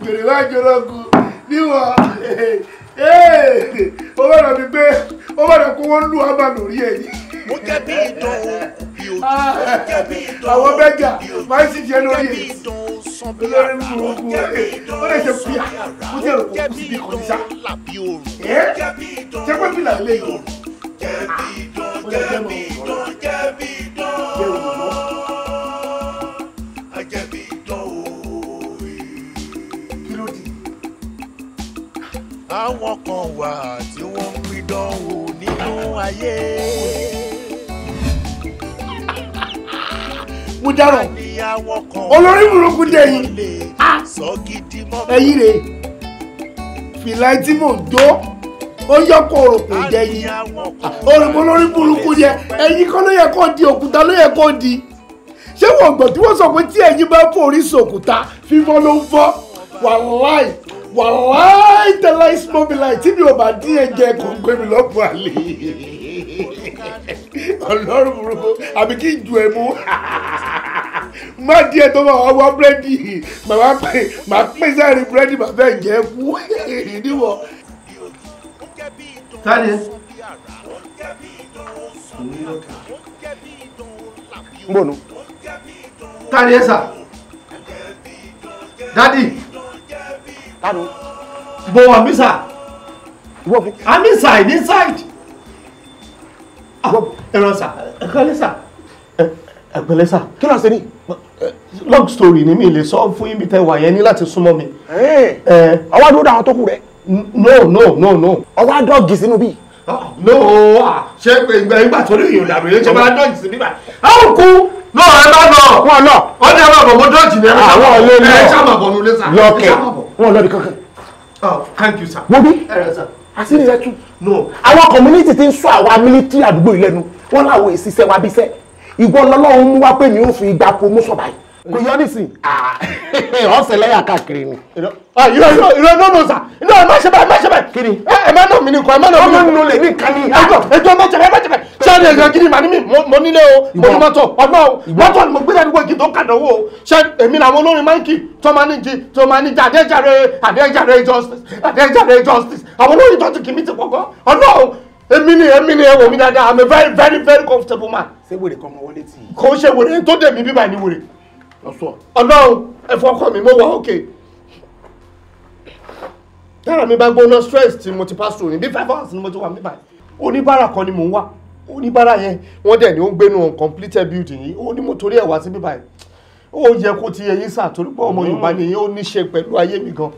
bèrè wá jọrọ kù níwọ̀n ó bá dàbí pé ó bá dàbí pé wọ́n lù ábà lórí ẹ̀yìn. mo jẹ́ ah, bí ìdán o àwọn bẹ́gà máa ń sì jẹ́ lórí ẹ̀yìn olórí burúkú ó lè ṣe bíà ah, àwọn kan wà tí wọ́n ń rí dánwò nínú ayé. mo dárò olórí burúkú dé yín ah! ẹ̀yin rè fìlà tí mò ń jó ó yọ kó òròpò jẹ yín òròpò ah, olórí burúkú yẹ ẹ̀yin kọ́ ló yẹ kó di òkúta ló yẹ kó di ṣé wọ́n gbọ́ tí wọ́n sọ pé tí ẹ̀yin bá forí sòkúta fífọ́ ló ń fọ́ wàláì wàláì tẹ́lá ìsmọ́bìláì tí mi ò bá dín ẹ̀jẹ̀ kọ̀ọ̀kan mi lọ́pọ̀ àlè ọlọ́run burúkú àbí kí n ju ẹ mú. má díẹ̀ tó bá ọwọ́ búrẹ́dì màmá pè má pè sáré búrẹ́dì má fẹ́ jẹ́ kú níwọ̀. Tade. N bò nu. Tade sà. Dadi. Tanu. Bo Amisa. I'm inside inside. Ah, ẹ̀rọ sà, ẹ̀kọ́lé sà ẹ̀pẹ̀lẹ́ sà kí ló ṣe ní long story ni mi lè sọ fún yín bí tẹ wà yẹn ní láti súnmọ́ mi. ọwọ́ dúró dáhùn tó kù rẹ̀. no no no no. ọwọ́ adọ́ọ̀gì sínú bí. Ah, no ah, ṣé ìgbà ìgbà tó ní ìyọ̀dà mi ṣe máa dọ́ọ̀gì sí nígbà. àwọn kú náà ẹ bá lọ. wọn lọ. wọn ní ẹ máa bọ̀ mọ́ dọ́ọ̀gì ni ẹ máa ah, lọ ẹ ṣáà máa bọ̀ nulẹ̀ sà. lọ́kẹ̀ wọn lọ bí kankan. Oh, thank you sir. wọ́n bí àti ní ìrẹ́tù. no àwọn community ti ń sọ àwa military àdúgbò ìlẹ́nu wọ́n láwọn èsì sẹ́wà bíṣẹ́ ìwọ lọ́lọ́run mú wá pé mi ò fi ìgbà promotion báyìí kò yọ nísìn ah, ọ̀sẹ̀ lẹ́yà káàkiri ni. ìrọ̀ ìrọ̀ ìrọ̀ ní ọ̀nà sà ìrọ̀ ẹ̀ má ṣe báyìí má ṣe báyìí. kiri ẹ má nà mí nìkan ẹ má nà mí nìkan. ọmọ nínú lè ní nǹkan ní. ẹjọ ẹjọ má ṣe báyìí má ṣe báyìí. sẹ́ni ẹ̀yọ́ gidi màá ní mi mo nílé o mo ní mọ́tò ọgbọ́n o mọ́tò ni mo gbé dàdúgbò igi tó ń kàdánwò o ṣé èmi làwọn olórin máa ń kí tó máa ní jí tó máa ní jí àdéjàre àdéjàre justice àdéjàre justice àwọn olórin tó ti kì mí ti pọ̀ gan ọlọ́run èmi ni èmi ni ẹ wò dáadáa i'm a very very very comfortable man. ṣé wèrè kan mọ wọlé tì í. kò ṣe wèrè tó dẹ̀ mí bíbá ni wèrè. ọ̀sọ̀. ọlọ́run ẹ̀fọ́ ọkọ mi mo wà òkè. tára mi bá gbóná stress tí mo ti pass through ní bí five hours ni mo ti wà níbà oníbàárà kan ni mò ń wá oníbàárà yẹn wọ́n dẹ̀ ni ó ń gbénu uncompleted building yìí ó ní mo torí ẹ̀ wá sí bíbá yìí ó yẹ kó ti yẹ yín sà torí pé ọmọ yorùbá ni ó ní ṣe pẹ̀lú ayé mi gan.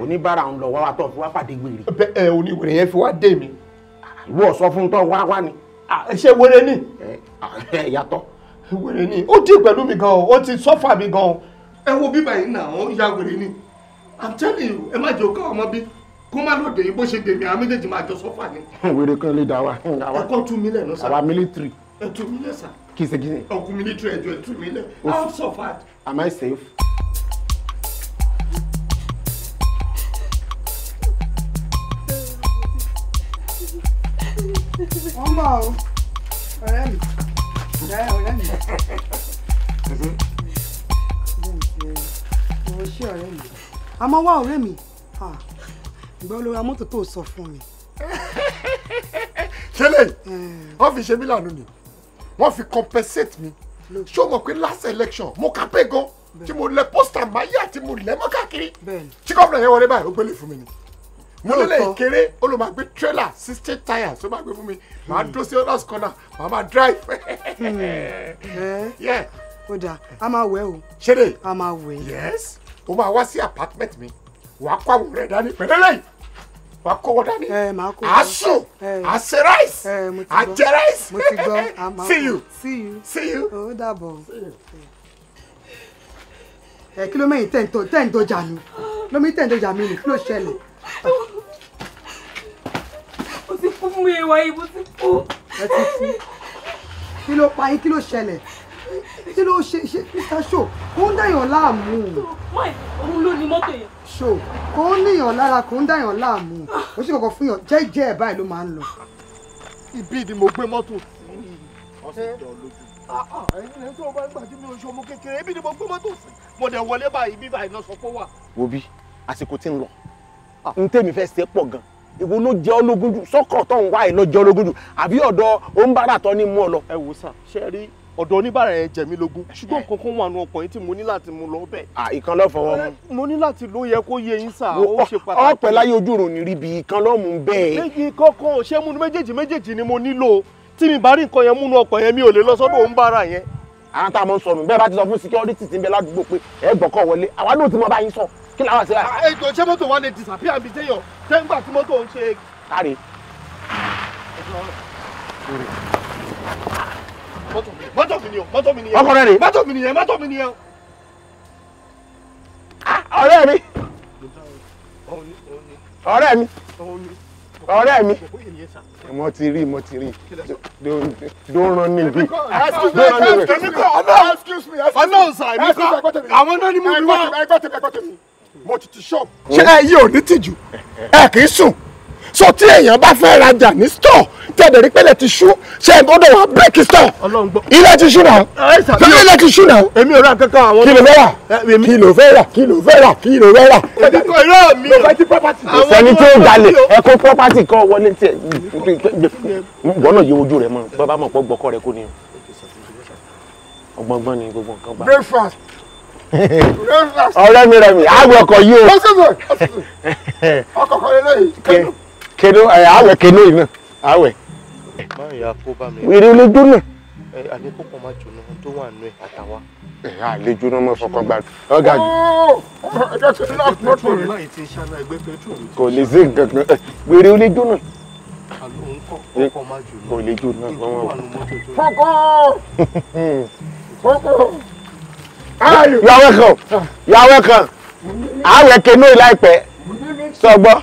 oníbàárà ń lọ wá wá tó fi wá pàdé wèrè. bẹ́ẹ̀ oníwèrè yẹn fi wá dé mi ìwọ sọ fún tán wá wá ni. ṣé wèrè ni. ẹ wèrè ni ó ti pẹ̀lú mi gan ó ti sọ́fà mi gan ẹ wo bíbá yìí náà ó ya wèrè ni i'm telling you ẹ má jẹ́ òkà ọmọ bí kó má lòdì yìí bó ṣe dèmí àwọn méjèèjì máa jọ sọ́fà ni. wèrè kan lè dá wa. ẹ kọ́ mi lẹ̀ lọ́sàn. àwa mílítírì. ẹ mi lẹ̀ sà. kìsìkìsì. ọkùnrin mílítírì ẹjọ ẹ mi lẹ̀. i'm am i safe. wọ́n bọ̀ o ọ̀rẹ́ mi ọ̀rẹ́ ọ̀rẹ́ mi. Mm-hmm. mo ṣe ọ̀rẹ́ mi àmọ́ wá ọ̀rẹ́ mi ìgbà olóra mọ́tò tó sọ fún mi. ṣẹlẹ̀ eh. wọ́n fi ṣe mí lànà ni wọ́n fi compensate mi ṣé o mọ̀ pé last election mo kà pé gan tí mo lẹ pósítà máyà tí mo lẹ́ mọ́ káàkiri tí gómìnà yẹn wọlé báyìí ó gbélé fún mi ni mo lélẹ̀ kéré ó ló máa gbé trailer sixteen tires tó máa gbé fún mi màá dúró sí others corner màá máa drive. Hmm. Eh? ó dáa a máa wẹ̀ o. ṣeré a máa wẹ̀. yes o máa wá sí apartment mi wàá kó àwọn rẹ̀ dání pẹ̀lẹ́ lẹ́yìn wà á kówó dání. ẹ eh, máa kó wá. a sùn a eh. rice a rice. mo ti gbọ́ a máa see you see you see you. ó dàbọ̀. ẹ kí ló mẹ́yìn tẹ̀ ń tọ́jà mi ló mẹ́yìn tẹ̀ ń tọ́jà mi nì kí ló ṣẹlẹ̀ mo ti kú mú ewa yìí mo ti kú. ẹ ti kú kí ló pa yín kí ló ṣẹlẹ̀ kí ló ṣe ṣe mr show kò ń dàyàn láàmú. òun ló ni mọ́tò yẹn. show kò ń níyàn lára kò ń dàyàn láàmú kò sí kankan fún yàn jẹ́jẹ́ ẹ̀ báyìí ló máa ń lọ. ibi ni mo gbé mọ́tò sí ọ̀sẹ̀ ìjọ lójú ah, ah, ẹ̀yin tó bá ń gbà tí mi ò ṣe ọmọ kékeré ibi ni mo gbé mọ́tò sí mo dẹ̀ wọlé báyìí bí báyìí náà sọ pé wà. wo bí àsìkò tí ń lọ Ah. n tèmi fẹ́ se pọ̀ gan ìwo ló jẹ́ ológun jù sọ́kọ̀ tó ń wá ẹ̀ lọ jẹ́ ológun jù àbí ọ̀dọ̀ oníbàárà tó ní mú ọ lọ. ẹ wò sàn ṣe rí ọ̀dọ̀ oníbàárà yẹn jẹ mí lógún ṣùgbọ́n nǹkan kan wà nù ọkùnrin tí mo ní láti mú lọ bẹ́ẹ̀. à ìkan lọ fọwọ́ mu. mo ní láti ló yẹ kó yé yín sà ó ṣe pàtàkì. ọ̀pẹ láyé ojú rò ní ríbi ìkan lọ́ mú bẹ́ẹ̀. méjì kankan ò ṣe mú méjèèjì méjèèjì ni mo nílò tí mi bá rí nǹkan yẹn múnú ọkọ̀ yẹn mi ò lè lọ sọ́dọ̀ oníbàárà yẹn. àwọn tá a mọ sọnù bẹ́ẹ̀ bá ti sọ fún security ti ń bẹ ládùúgbò pé ẹ gbọ́kọ̀ wọlé àwa náà ti mọ bá yín sọ kí làwọn àti. ètò ah, eh, ṣé mọ́tò wa lè disappear àbí téèyàn tẹ́ńgbà tí mọ́tò ń ṣe. káre. mọ́tò mi ni o mọ́tò mi ni yẹn. ọkọ rẹ rè. mọ́tò mi ni yẹn mọ́tò mi ni yẹn. Ah, ọ̀rẹ́ mi. ọ̀rẹ́ mi. ọ̀rẹ́ mi. mo ti rí mo ti rí don't run níbi. excuse me excuse me. sàmì kọ́ àwọn náà ni mo bí wá mo ti ti shop. ṣé ẹ yí ò tìjú ẹ kì í sùn so tí èèyàn bá fẹ́ rajà ní store tẹ̀lé rí pẹ́lẹ̀ ti ṣú ṣe é gbọ́dọ̀ wá bíríkì store ilé ti ṣú náà torí ilé ti ṣú náà èmi ò ra kankan àwọn kí ló fẹ́ rà kí ló fẹ́ rà kí ló fẹ́ rà kí ló fẹ́ rà. èmi tí ó jalè ẹ̀kọ́ property kan wọlé tiẹ̀ gbọ́nà yẹ ojú rẹ̀ mọ́ bàbá mọ̀ pọ̀ gbọ́kọ̀ rẹ̀ kò ní ọgbọ́ngbọ́n ni gbogbo nǹkan gbà. breakfast ọ̀rẹ́ mi rẹ̀ mi àwẹ̀ ọkọ̀ yìí o. ọkọ̀ kan lélẹ́yìn kẹnu. kẹnu àwẹ̀ kẹnu yìí náà àwẹ̀. máa yà kó bá mi. wèrè olójú náà. ẹ àlékún kan máa jóná tó wà nù ẹ àtàwá. ẹ àlejò náà mọ fọkàn gbà ọgá jù. kò lè sí nǹkan kan wèrè olójú náà kò lè jóná. fọkàn. you are welcome ah. you are welcome I will àwẹ̀ kenú láìpẹ́ sọgbọ́.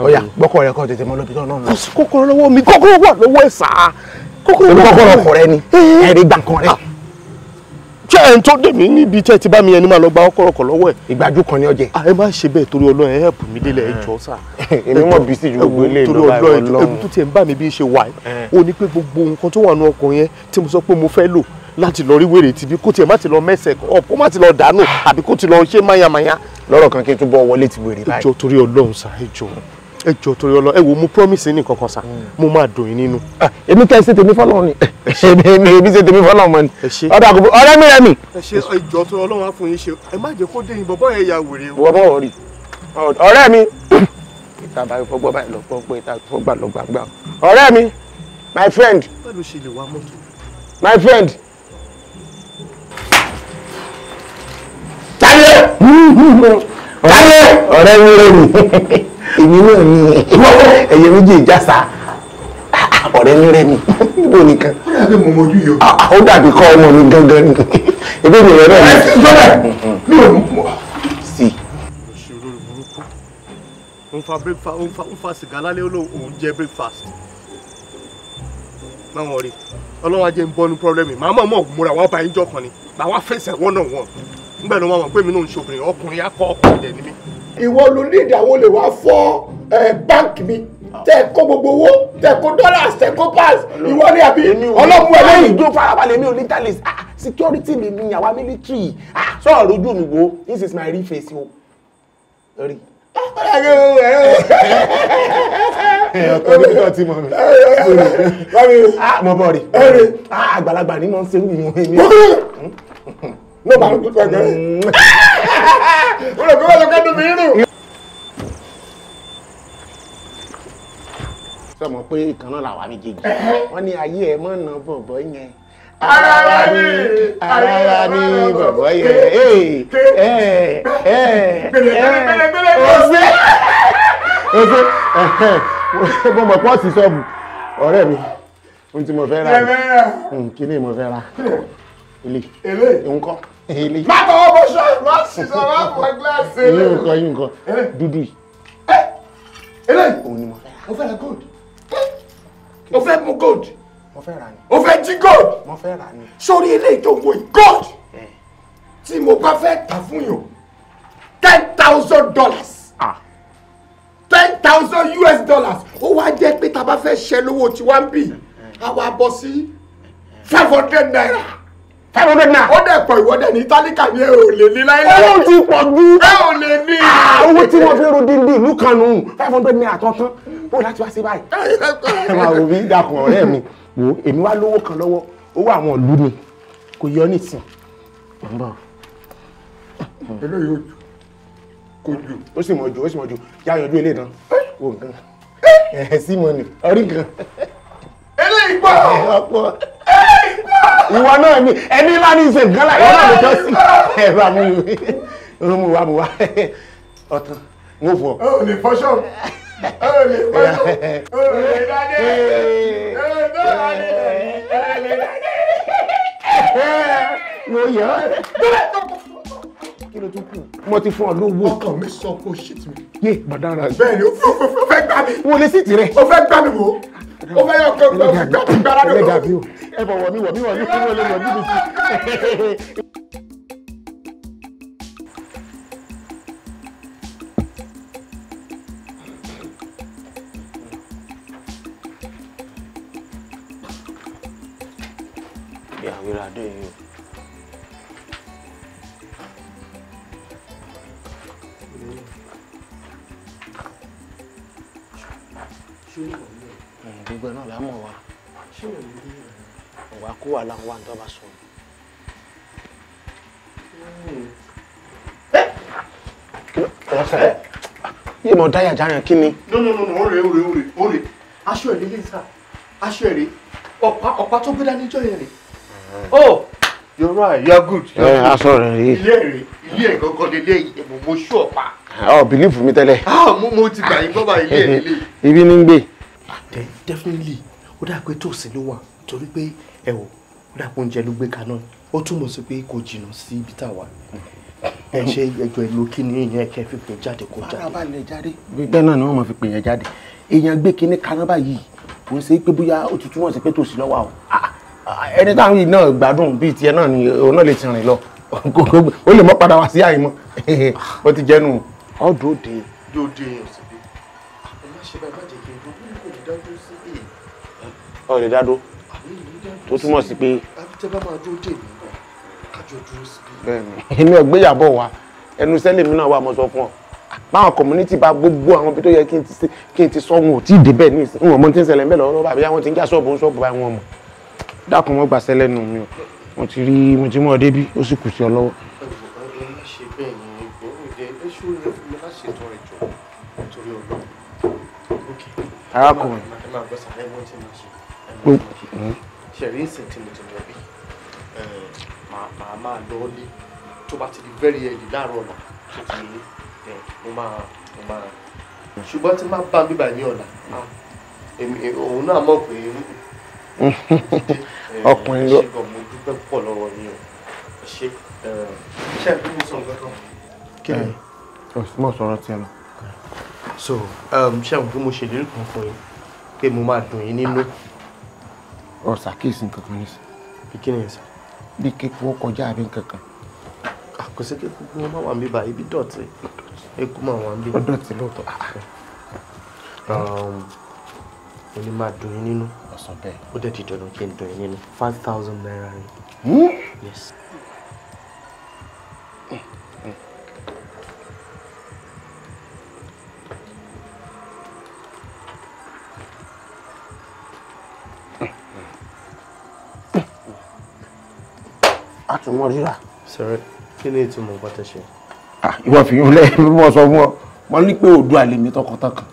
go gbọ́kọ̀ rẹ̀ kọ́ tètè mọ́ lọ́bi tó náà lọ. kọ́kọ́rọ́ lọ́wọ́ mi kọ́kọ́rọ́ wà lọ́wọ́ ẹ̀ sà á. kọ́kọ́rọ́ wà lọ́wọ́ ẹ̀ sà á. kọ́kọ́rọ́ wà lọ́wọ́ ẹ̀ sà á. Eh. ẹ̀rí gbàǹkan rẹ̀. Ah ṣé ẹ̀ ń tó dè mí níbi tí ẹ ti bá mi ẹni máa lọ gba ọkọ̀rọ̀kọ̀ lọ́wọ́ ẹ̀. ìgbàjú kan ni ọjẹ. ẹ má ṣe bẹ́ẹ̀ torí ọlọ́run ẹ help mi délẹ̀ ẹ jọ sá. èmi mọ̀ bí sí ju gbogbo ilé ìlú báyìí ọlọ́run. ẹbí tó tiẹ̀ ń bà mí bí ṣe wà ẹ́ o eh. ní pé gbogbo nǹkan tó wà nù ọkùnrin yẹn tí mo sọ pé mo fẹ́ lò láti lọ rí wèrè tìbí kó tiẹ̀ má ti lọ mẹ́sẹ̀ up kó má ti lọ dànù àbí kó ti lọ ṣe máyàmáyà. lọ́rọ̀ kan kí n túbọ̀ wọlé ti wèrè báyìí. ìjọ torí ọlọ́run sá ìjọ ẹ jọ torí ọlọ ẹ wo mo promise ní kankan sa mm. mo máa dùn yín nínú. Ah, èmi kẹ́ ẹ ṣe tèmi fọlọ́run ni èmi ṣe tèmi fọlọ́run mọ ni ọ̀dọ̀ àgùnbọ̀ ọ̀rẹ́ mi rẹ̀ mi. ẹ ṣe ìjọ torí ọlọ́run á fún yín ṣe ẹ má jẹ́ kó dé yìnbọn bọ́ọ̀ yẹn ya wèrè o. wọ́n bá rí ọ̀rẹ́ mi. ìta bá fọgbọ́ báyìí lọ fọgbọ́ ìta fọgbà lọ gbàgbà ọ̀rẹ́ mi my friend. my friend. tani ọ̀rẹ́ mi rẹ̀ mi. èmi náà ni ẹyẹ méjì ìjàsà ọ̀rẹ́ ní rẹ ni ibo nìkan. Ah, ó dàbí kọ́ ọmọ mi gangan ni ebi mi rẹ náà ni. sí. òṣèré burúkú ń fa breakfast ń fa ń fa sìgá lálẹ́ olóhùn jẹ breakfast máwọn rí ọlọ́wọ́ ajé ń bọ́nu pọ́blẹ́mì màá mọ̀ mọ̀ múra wá báyìí jọ kan ni màá wá fẹsẹ̀ wọ́n náà wọ̀n nígbà tí wọ́n mọ̀ pé mi náà ń ṣòbìnrin ọkùnrin akọ ọkùnrin dẹ̀ ni mí ìwọ ló ní ìdáwó lè wá fọ́ báǹkì mi tẹ kó gbogbo owó tẹ kó dollars tẹ kó pounds ìwọ ni àbí ọlọ́mú ẹlẹ́yìn. ìjọ farabalẹ̀ mi ò ní talent ah security mi ni àwa military ah sọ̀rọ̀ lójú mi wo this is my real face o. ọkọ mi náà ti mọ mi. Ah, mo bọ̀ rí ah, àgbàlagbà ni mo ń ṣerú ìwọ̀n mi. mo bá ń gbẹgbẹ mo rò pé wọ́n lọ ká dùn mí rù. sọ mọ pé ìkànnà làwa méjèèjì wọn ní ayé ẹ mọ nà bọbọ yẹn ara wa ni ara wa ni bọbọ yẹn ẹ ẹ ẹ ẹ ọsẹ ọsẹ mo mọ pọ́ọ̀sì sọ́ọ̀bù ọ̀rẹ́ mi ohun ele. má tọwọ́ bó ṣọ́ má sì sọ má fọ gíláàsì ele. ilé nǹkan yìí nǹkan dúdú yìí. ẹ ele. òun ni mo fẹ́ ra. mo fẹ́ ra gold. mo fẹ́ mu gold. mo fẹ́ ra ni. mo fẹ́ jí gold. mo fẹ́ ra ni. sórí ilé ìjọwọ yìí gold tí mo bá fẹ́ tà fún yàn ten thousand dollars ten thousand US dollars ó wá jẹ́ pé tá a bá fẹ́ ṣe lówó tí wọ́n ń bì á wá bọ́ sí five hundred naira five hundred naira. ó dẹ̀ pọ̀ ìwọ́dẹ̀ ní tálíkà ni ẹ ò lè ní láíláí. owó ti pọ̀ jù. ẹ ò lè ní. Ah, owó tí wọ́n fi ro díndín ìlú kan nù five hundred naira tọ́tán bó láti wá sí báyìí. ẹ máa wò bí dàkún ọ̀rẹ́ mi wò èmi wá lówó kan lọ́wọ́ owó àwọn ìlú ni kò yọ nìsín. eléyìí kò jù. ó sì mọ̀ jù ó sì mọ̀ jù yá yanjú ilé náà wò nǹkan ẹ̀ sí mọ̀ nǹkan. eléyìí pọ̀ ìwọ náà ni ẹni ńlá ní ìṣe nǹkan láì wọ́n náà lè tọ́ sí ẹ̀rọ amúmi mú wa mú wa ọ̀tún ń fọ. ó lè fọṣọ ó lè fọṣọ ó lè dáadé ó lè dáadé. mo yọ kí ló tún kù mo ti fún ọ lówó. ọkàn mi sọ kó ṣètì mi. yé bàdá ara rẹ. bẹ́ẹ̀ni o fẹ́ gbà mí. wọlé sí tirẹ̀. o fẹ́ gbà mí wo ó fẹ́ yọ gbàrà dòdò ẹ bọ̀ wọ̀mí wọ̀mí wọ̀mí fún wọlé Thank you gbogbo ẹ̀ náà là á mọ̀ wá ìwà kó wà láwọn wà ní tó bá sọ. yìí mọ̀ dáyà jáyà kí ni. no no no ó rè ó rè ó rè ó rè aṣọ ẹ̀ lélẹ́yìn sá aṣọ ẹ̀ rè ọ̀pá ọ̀pá tó gbé dání jọ̀yẹ̀ rè. oh you're right you're good. ẹ aṣọ rẹ rí. ilé rẹ ilé ẹ gangan lélẹ yìí mo mo ṣú ọ̀pá. ọ bìlífù mi tẹ́lẹ̀. Ah, mo mo ti gbà yín bọ́bá ilé ẹ lélẹ. ibi ní ń gbé definitely ó dà pé tòsí ló wà torí pé ẹ wò ó dà pé oúnjẹ ló gbé kaná ó túmọ̀ sí pé kò jìnnà sí ibi tá a wà ẹ ṣe ẹjọ ìlú kíni ìyẹn kẹ fi pè jáde kó jáde. araba lè jáde. gbígbẹ́ náà ni wọ́n máa fi pè yẹn jáde èèyàn gbé kinní kaná báyìí kò ṣe pé bóyá ó ti túmọ̀ sí pé tòsí ló wà o ẹni táwọn yìí náà gbádùn bíi tiẹ̀ náà ni òun náà lè ti rìn lọ ó lè mọ́ padà wá sí àyè mọ́ bó ti jẹ́nu. ọ̀dọ́ òde. yóò dé èèyàn sí. ọ lè dádó tó túmọ̀ sí pé. èmi ò gbéyàbọ̀ wa ẹnu sẹ́lẹ̀ mi náà wà mọ́ sọ fún ọ báwọn community bá gbogbo àwọn ibi tó yẹ kí n ti sọ wọn ò tí ì débẹ̀ ní ìsìn wọn mọ tí ń ṣẹlẹ̀ ńbẹ̀ lọ́wọ́ bàbá wọn ti ń já ṣọ́ọ̀bù ń ṣọ́ọ̀bù báyìí wọn mọ̀ dákun wọn gbàṣẹ lẹ́nu mi o mo ti rí mo ti mú ọ débí ó sì kù sí ọ lọ́wọ́. arákùnrin ṣẹ̀rí ń sìn tìmùtìmù ẹ̀bí màá máa lọ lé tó bá ti di very early láàárọ̀ ọ̀la tó ti lé mo máa mo máa ṣùgbọ́n tí máa bá bíbà ní ọ̀la òun náà mọ̀ pé ọkùnrin lọ. ṣùgbọ́n mo dúpẹ́ pọ̀ lọ́wọ́ yín o ṣe ṣe bí mo sọ nǹkan kan. kí ni mo sọ̀rọ̀ tiẹ̀ lọ. so um, ṣé àwọn bí mo ṣèlérí kan fún yín pé mo máa dùn yín nínú ọ̀sàkíyèsí nǹkan kan nísìn. kí ni yẹn sọ. bí kéku ó kọjá àbí nǹkan kan. àkọsí ah, kéku kí wọ́n bá wà ń bí báyìí ibi dọ̀tí eku máa wà ń bí. dọ̀tí lóòótọ́. Ah, um, mo ní máa dùn yín nínú. ọ̀sán bẹ́ẹ̀. ó dẹ̀ di dandan kí n dùn yín nínú five thousand naira. yes. sọ̀rọ̀ kí ni ìtumọ̀ nǹkan tẹ́ ṣe. Ah, ìwọ fi yún lẹ bí wọn sọ fún ọ wọn ní pé òdu àlèmí tọkàntọkàn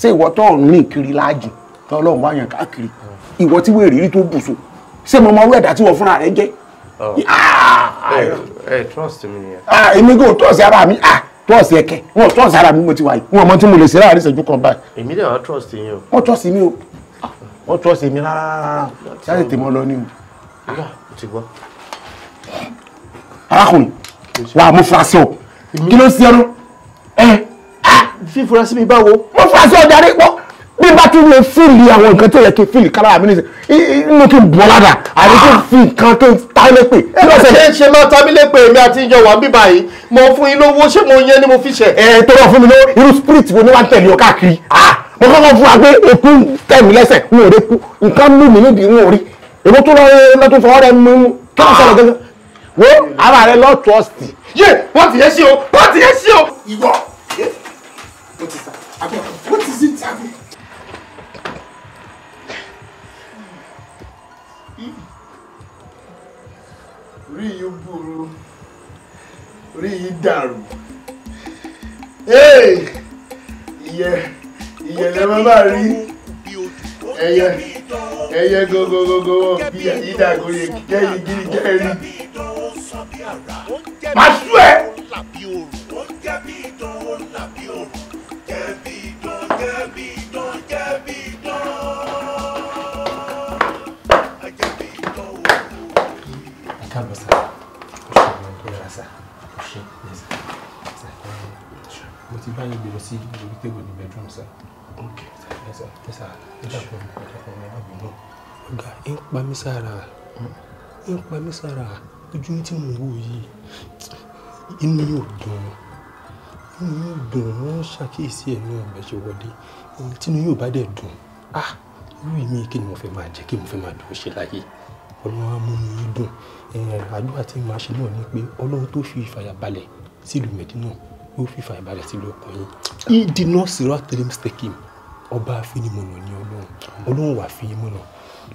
ṣé ìwọ tó ń rìn kiri láàjì tó lọ wá yàn káàkiri ìwọ tí wèrè rí tó bùṣọ ṣé mo mọ owó ẹ̀dá tí wọ́n fúnra rẹ jẹ́. ẹ oh. ah! trust mi yẹn. Ah, èmi kò trust ara mi trust ẹkẹ wọn trust ara mi mo ti wà yìí wọn mọ tí mo lè ṣe láàrin ìṣẹ́jú kan báyìí. èmi dẹ̀ trust yín o. wọ́n trust mi o wọ́n trust mi rárá rárá ṣáà tètè mọ́ lọ ní o. ó ti gbọ́ arákùnrin wàá mú furasí o kí ló ń ṣe ẹnu ẹ. fífura sí mi báwo. mú furasí ọjà rẹ pọ bí bá tún lè fíìlì àwọn nǹkan tó yẹ kí fíìlì kára mi nìyẹn inú kí n bọ́ ládà àbí kí n fi nǹkan kí n ta ilé pè. ẹ bá ṣe ṣe máa ta mí lépè èmi àti ìjọ wà bíbá yìí mo fún yín lówó ṣé mo yẹ ni mo fi ṣe. ẹ tó lọ fún mi lówó irú spirit wo ni wàá tẹ̀lé o káàkiri mo kọ́kọ́ fún wa pé eku tẹ̀mí lẹ́sẹ̀ n ò rí ku nǹkan mú mi nídìí n ò rí èmi tó lọ lọ́tún fọwọ́ rẹ mú kí wọ́n sọ̀rọ̀ gẹ́gẹ́ wo ara rẹ lọ trọ́ọ̀sì. yé wọ́n ti yẹ sí o wọ́n ti yẹ sí o. ìwọ what is that abeg what is it abeg. rí yìí burú rí yìí dàrú ìyẹ ìyẹ lẹ́mọ́ bá rí ẹyẹ ẹyẹ gogogogo bí ìdàgbò yẹ jẹ́ igi jẹ́ rí. màá sú ẹ. mo ti bá yín gbé lọ sí orí tèbò ní bedroom sir. okay sọ. ń pa mí sára ń pa mí sára ojú tí mo wò yìí inú yóò dùn inú yóò dùn wọ́n ṣàkíyèsí ẹ̀mí ọ̀bẹ ṣe wọlé tínú yóò bá dẹ̀ dùn ah irú mi kí ni mo fẹ́ máa jẹ́ kí mo fẹ́ máa dùn ṣe láyé ọlọ́run mú mi dùn àdúrà tí màá ṣe náà ni pé ọlọ́run tó fi ìfàyàbalẹ̀ sílùú mẹ́dínà yóò fi ìfàyàbalẹ̀ sílùú ọkùnrin he did not sirat three mistake him ọba àfinimọ̀nà ni ọlọ́run ọlọ́run wà fi mọ̀nà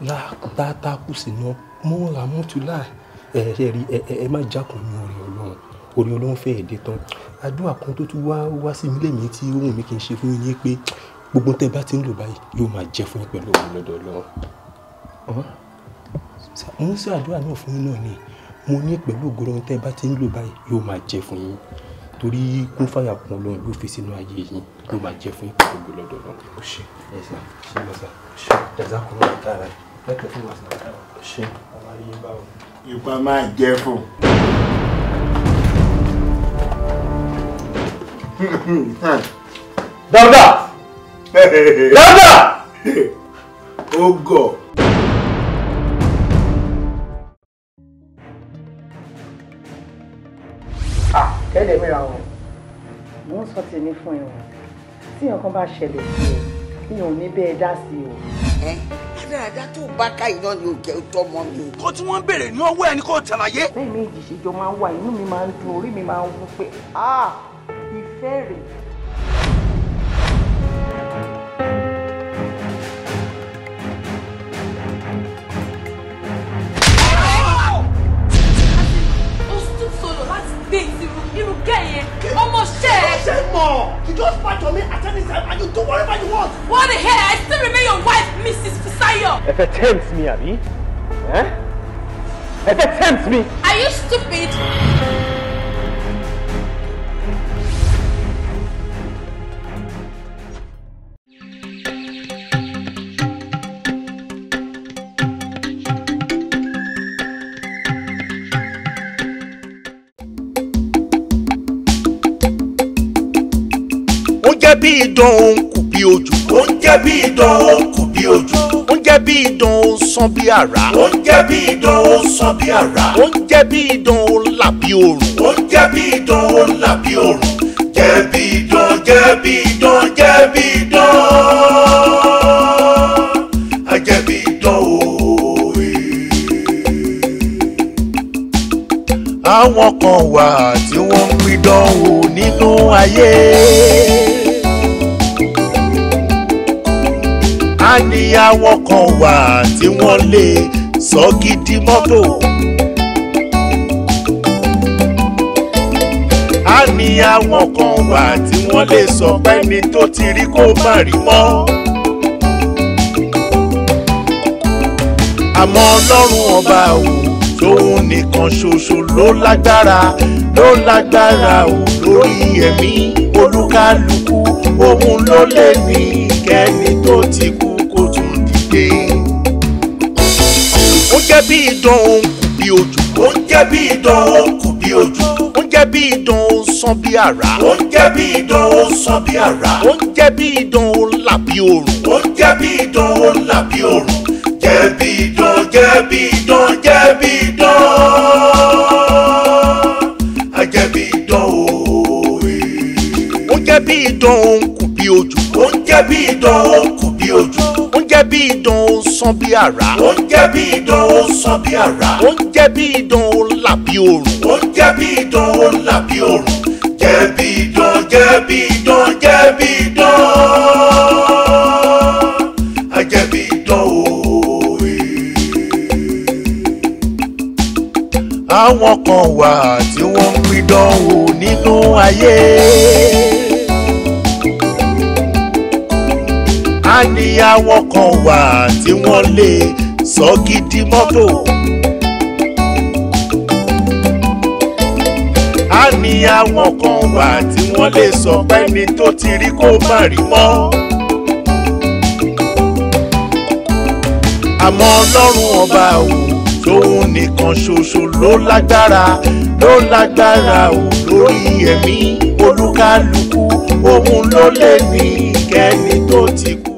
látàtà kù sí náà mọ́ra mọ́túlá ẹ ẹ rí ẹ ẹ má jákun ní orí ọlọ́run orí ọlọ́run fẹ́ èdè tán àdúrà kan tó tún wá wá sí ilé mi tí ohun mi kì í ṣe fún yín pé gbogbo tẹ bá ti ń lò báyìí yóò máa jẹ fún yín pẹ̀lú òun lọ́dọ̀ ọlọ́run mo ń ṣe àdúrà náà fún yín náà ni mo ní pẹ̀lú ògùrọ̀ tẹ bá ti ń lò báyìí yóò máa jẹ fún yín torí kó fàyà kún Ọlọ́run ló fi sínú ayé yìí ló máa jẹ́ fún ìpàdé gbogbo lọ́dọ̀ ó ṣe ẹ ṣe ṣe lọ sá ṣe ẹ̀dá kò máa ká ara rẹ̀ fún wa sá ṣe àwọn ayé bá wọn. ipa máa jẹ fún. dọ́gà dọ́gà. ó gọ̀. kẹ́lẹ̀ mìíràn wọn. mo ń sọ tèmi fún ẹ o tí nǹkan bá ṣẹlẹ̀ sí ẹ mi ò ní bẹ́ẹ̀ dá sí i o. ẹ dáadáa tó bá ká iná ni òkè tó mọ mi. kó tí wọ́n ń béèrè ní ọwọ́ ẹni kó tàlàyé. bẹ́ẹ̀ méjì ṣèjọ máa ń wà inú mi máa ń dùn orí mi máa ń wú pé ah ìfẹ́ rèé girl yẹn ọmọ ṣẹ́ ẹ. ọmọ ṣe you just fight for me at any time and you do whatever you want. what the hell I still remain your wife Mrs. Fisayo. ẹ fẹ́ tempt me àbí ẹ eh? It tempts me. are you stupid. bí idán ó ń kù bí ojú. ó ń jẹ́ bí idán ó ń kù bí ojú. ó ń jẹ́ bí idán ó ń sán bí àrá. ó ń jẹ́ bí idán ó ń sán bí àrá. ó ń jẹ́ bí idán ó là bí oòrùn. ó bí idán ó là bí oòrùn. jẹ́ bí idán jẹ́ bí idán jẹ́ bí idán. àwọn kan wà tí wọ́n ń pidán wò nínú ayé. ká ní àwọn kan wà tí wọ́n lè sọ gidi mọ́tò. a ní àwọn kan wà tí wọ́n lè sọ pẹ́ni tó ti rí kó má rí mọ́. àmọ́ ọlọ́run ọba ò tóun nìkan ṣoṣo ló lágbára ló lágbára ò lórí ẹ̀mí olúkálukú òun ló lè ní kẹ́ni tó ti kú. ó jẹ́ bí idán òun kù bí ojú. ó ń jẹ́ bí idán òun kù bí ojú. ó ń jẹ́ bí idán òun sán bí àrá. ó ń jẹ́ bí idán òun sán bí àrá. ó jẹ́ bí idán òun là bí òrùn. ó jẹ́ bí idán òun là bí òrùn. jẹ́ bí idán jẹ́ bí idán jẹ́ bí idán. a jẹ́ bí idán òwe. ó jẹ́ bí idán òun kù bí ojú. ó jẹ́ bí idán òun kù bí ojú jẹ́ bí idán ó sán bí àrá. ó ń jẹ́ bí idán ó sán bí àrá. ó ń jẹ́ bí idán ó là bí òrùn. ó ń jẹ́ bí idán ó là bí òrùn. jẹ́ bí idán jẹ́ bí idán jẹ́ bí idán. àwọn kan wà tí wọ́n ń pidán wò nínú ayé. a ní àwọn kan wà tí wọ́n lè sọ gidi mọ́tò. a ní àwọn kan wà tí wọ́n lè sọ pẹ́ni tó ti rí kó má rí mọ́. àmọ́ ọlọ́run ọba ò tóun nìkan ṣoṣo ló lágbára ló lágbára ò lórí ẹ̀mí olúkálùkù òun ló lè ní kẹ́ni tó ti kú.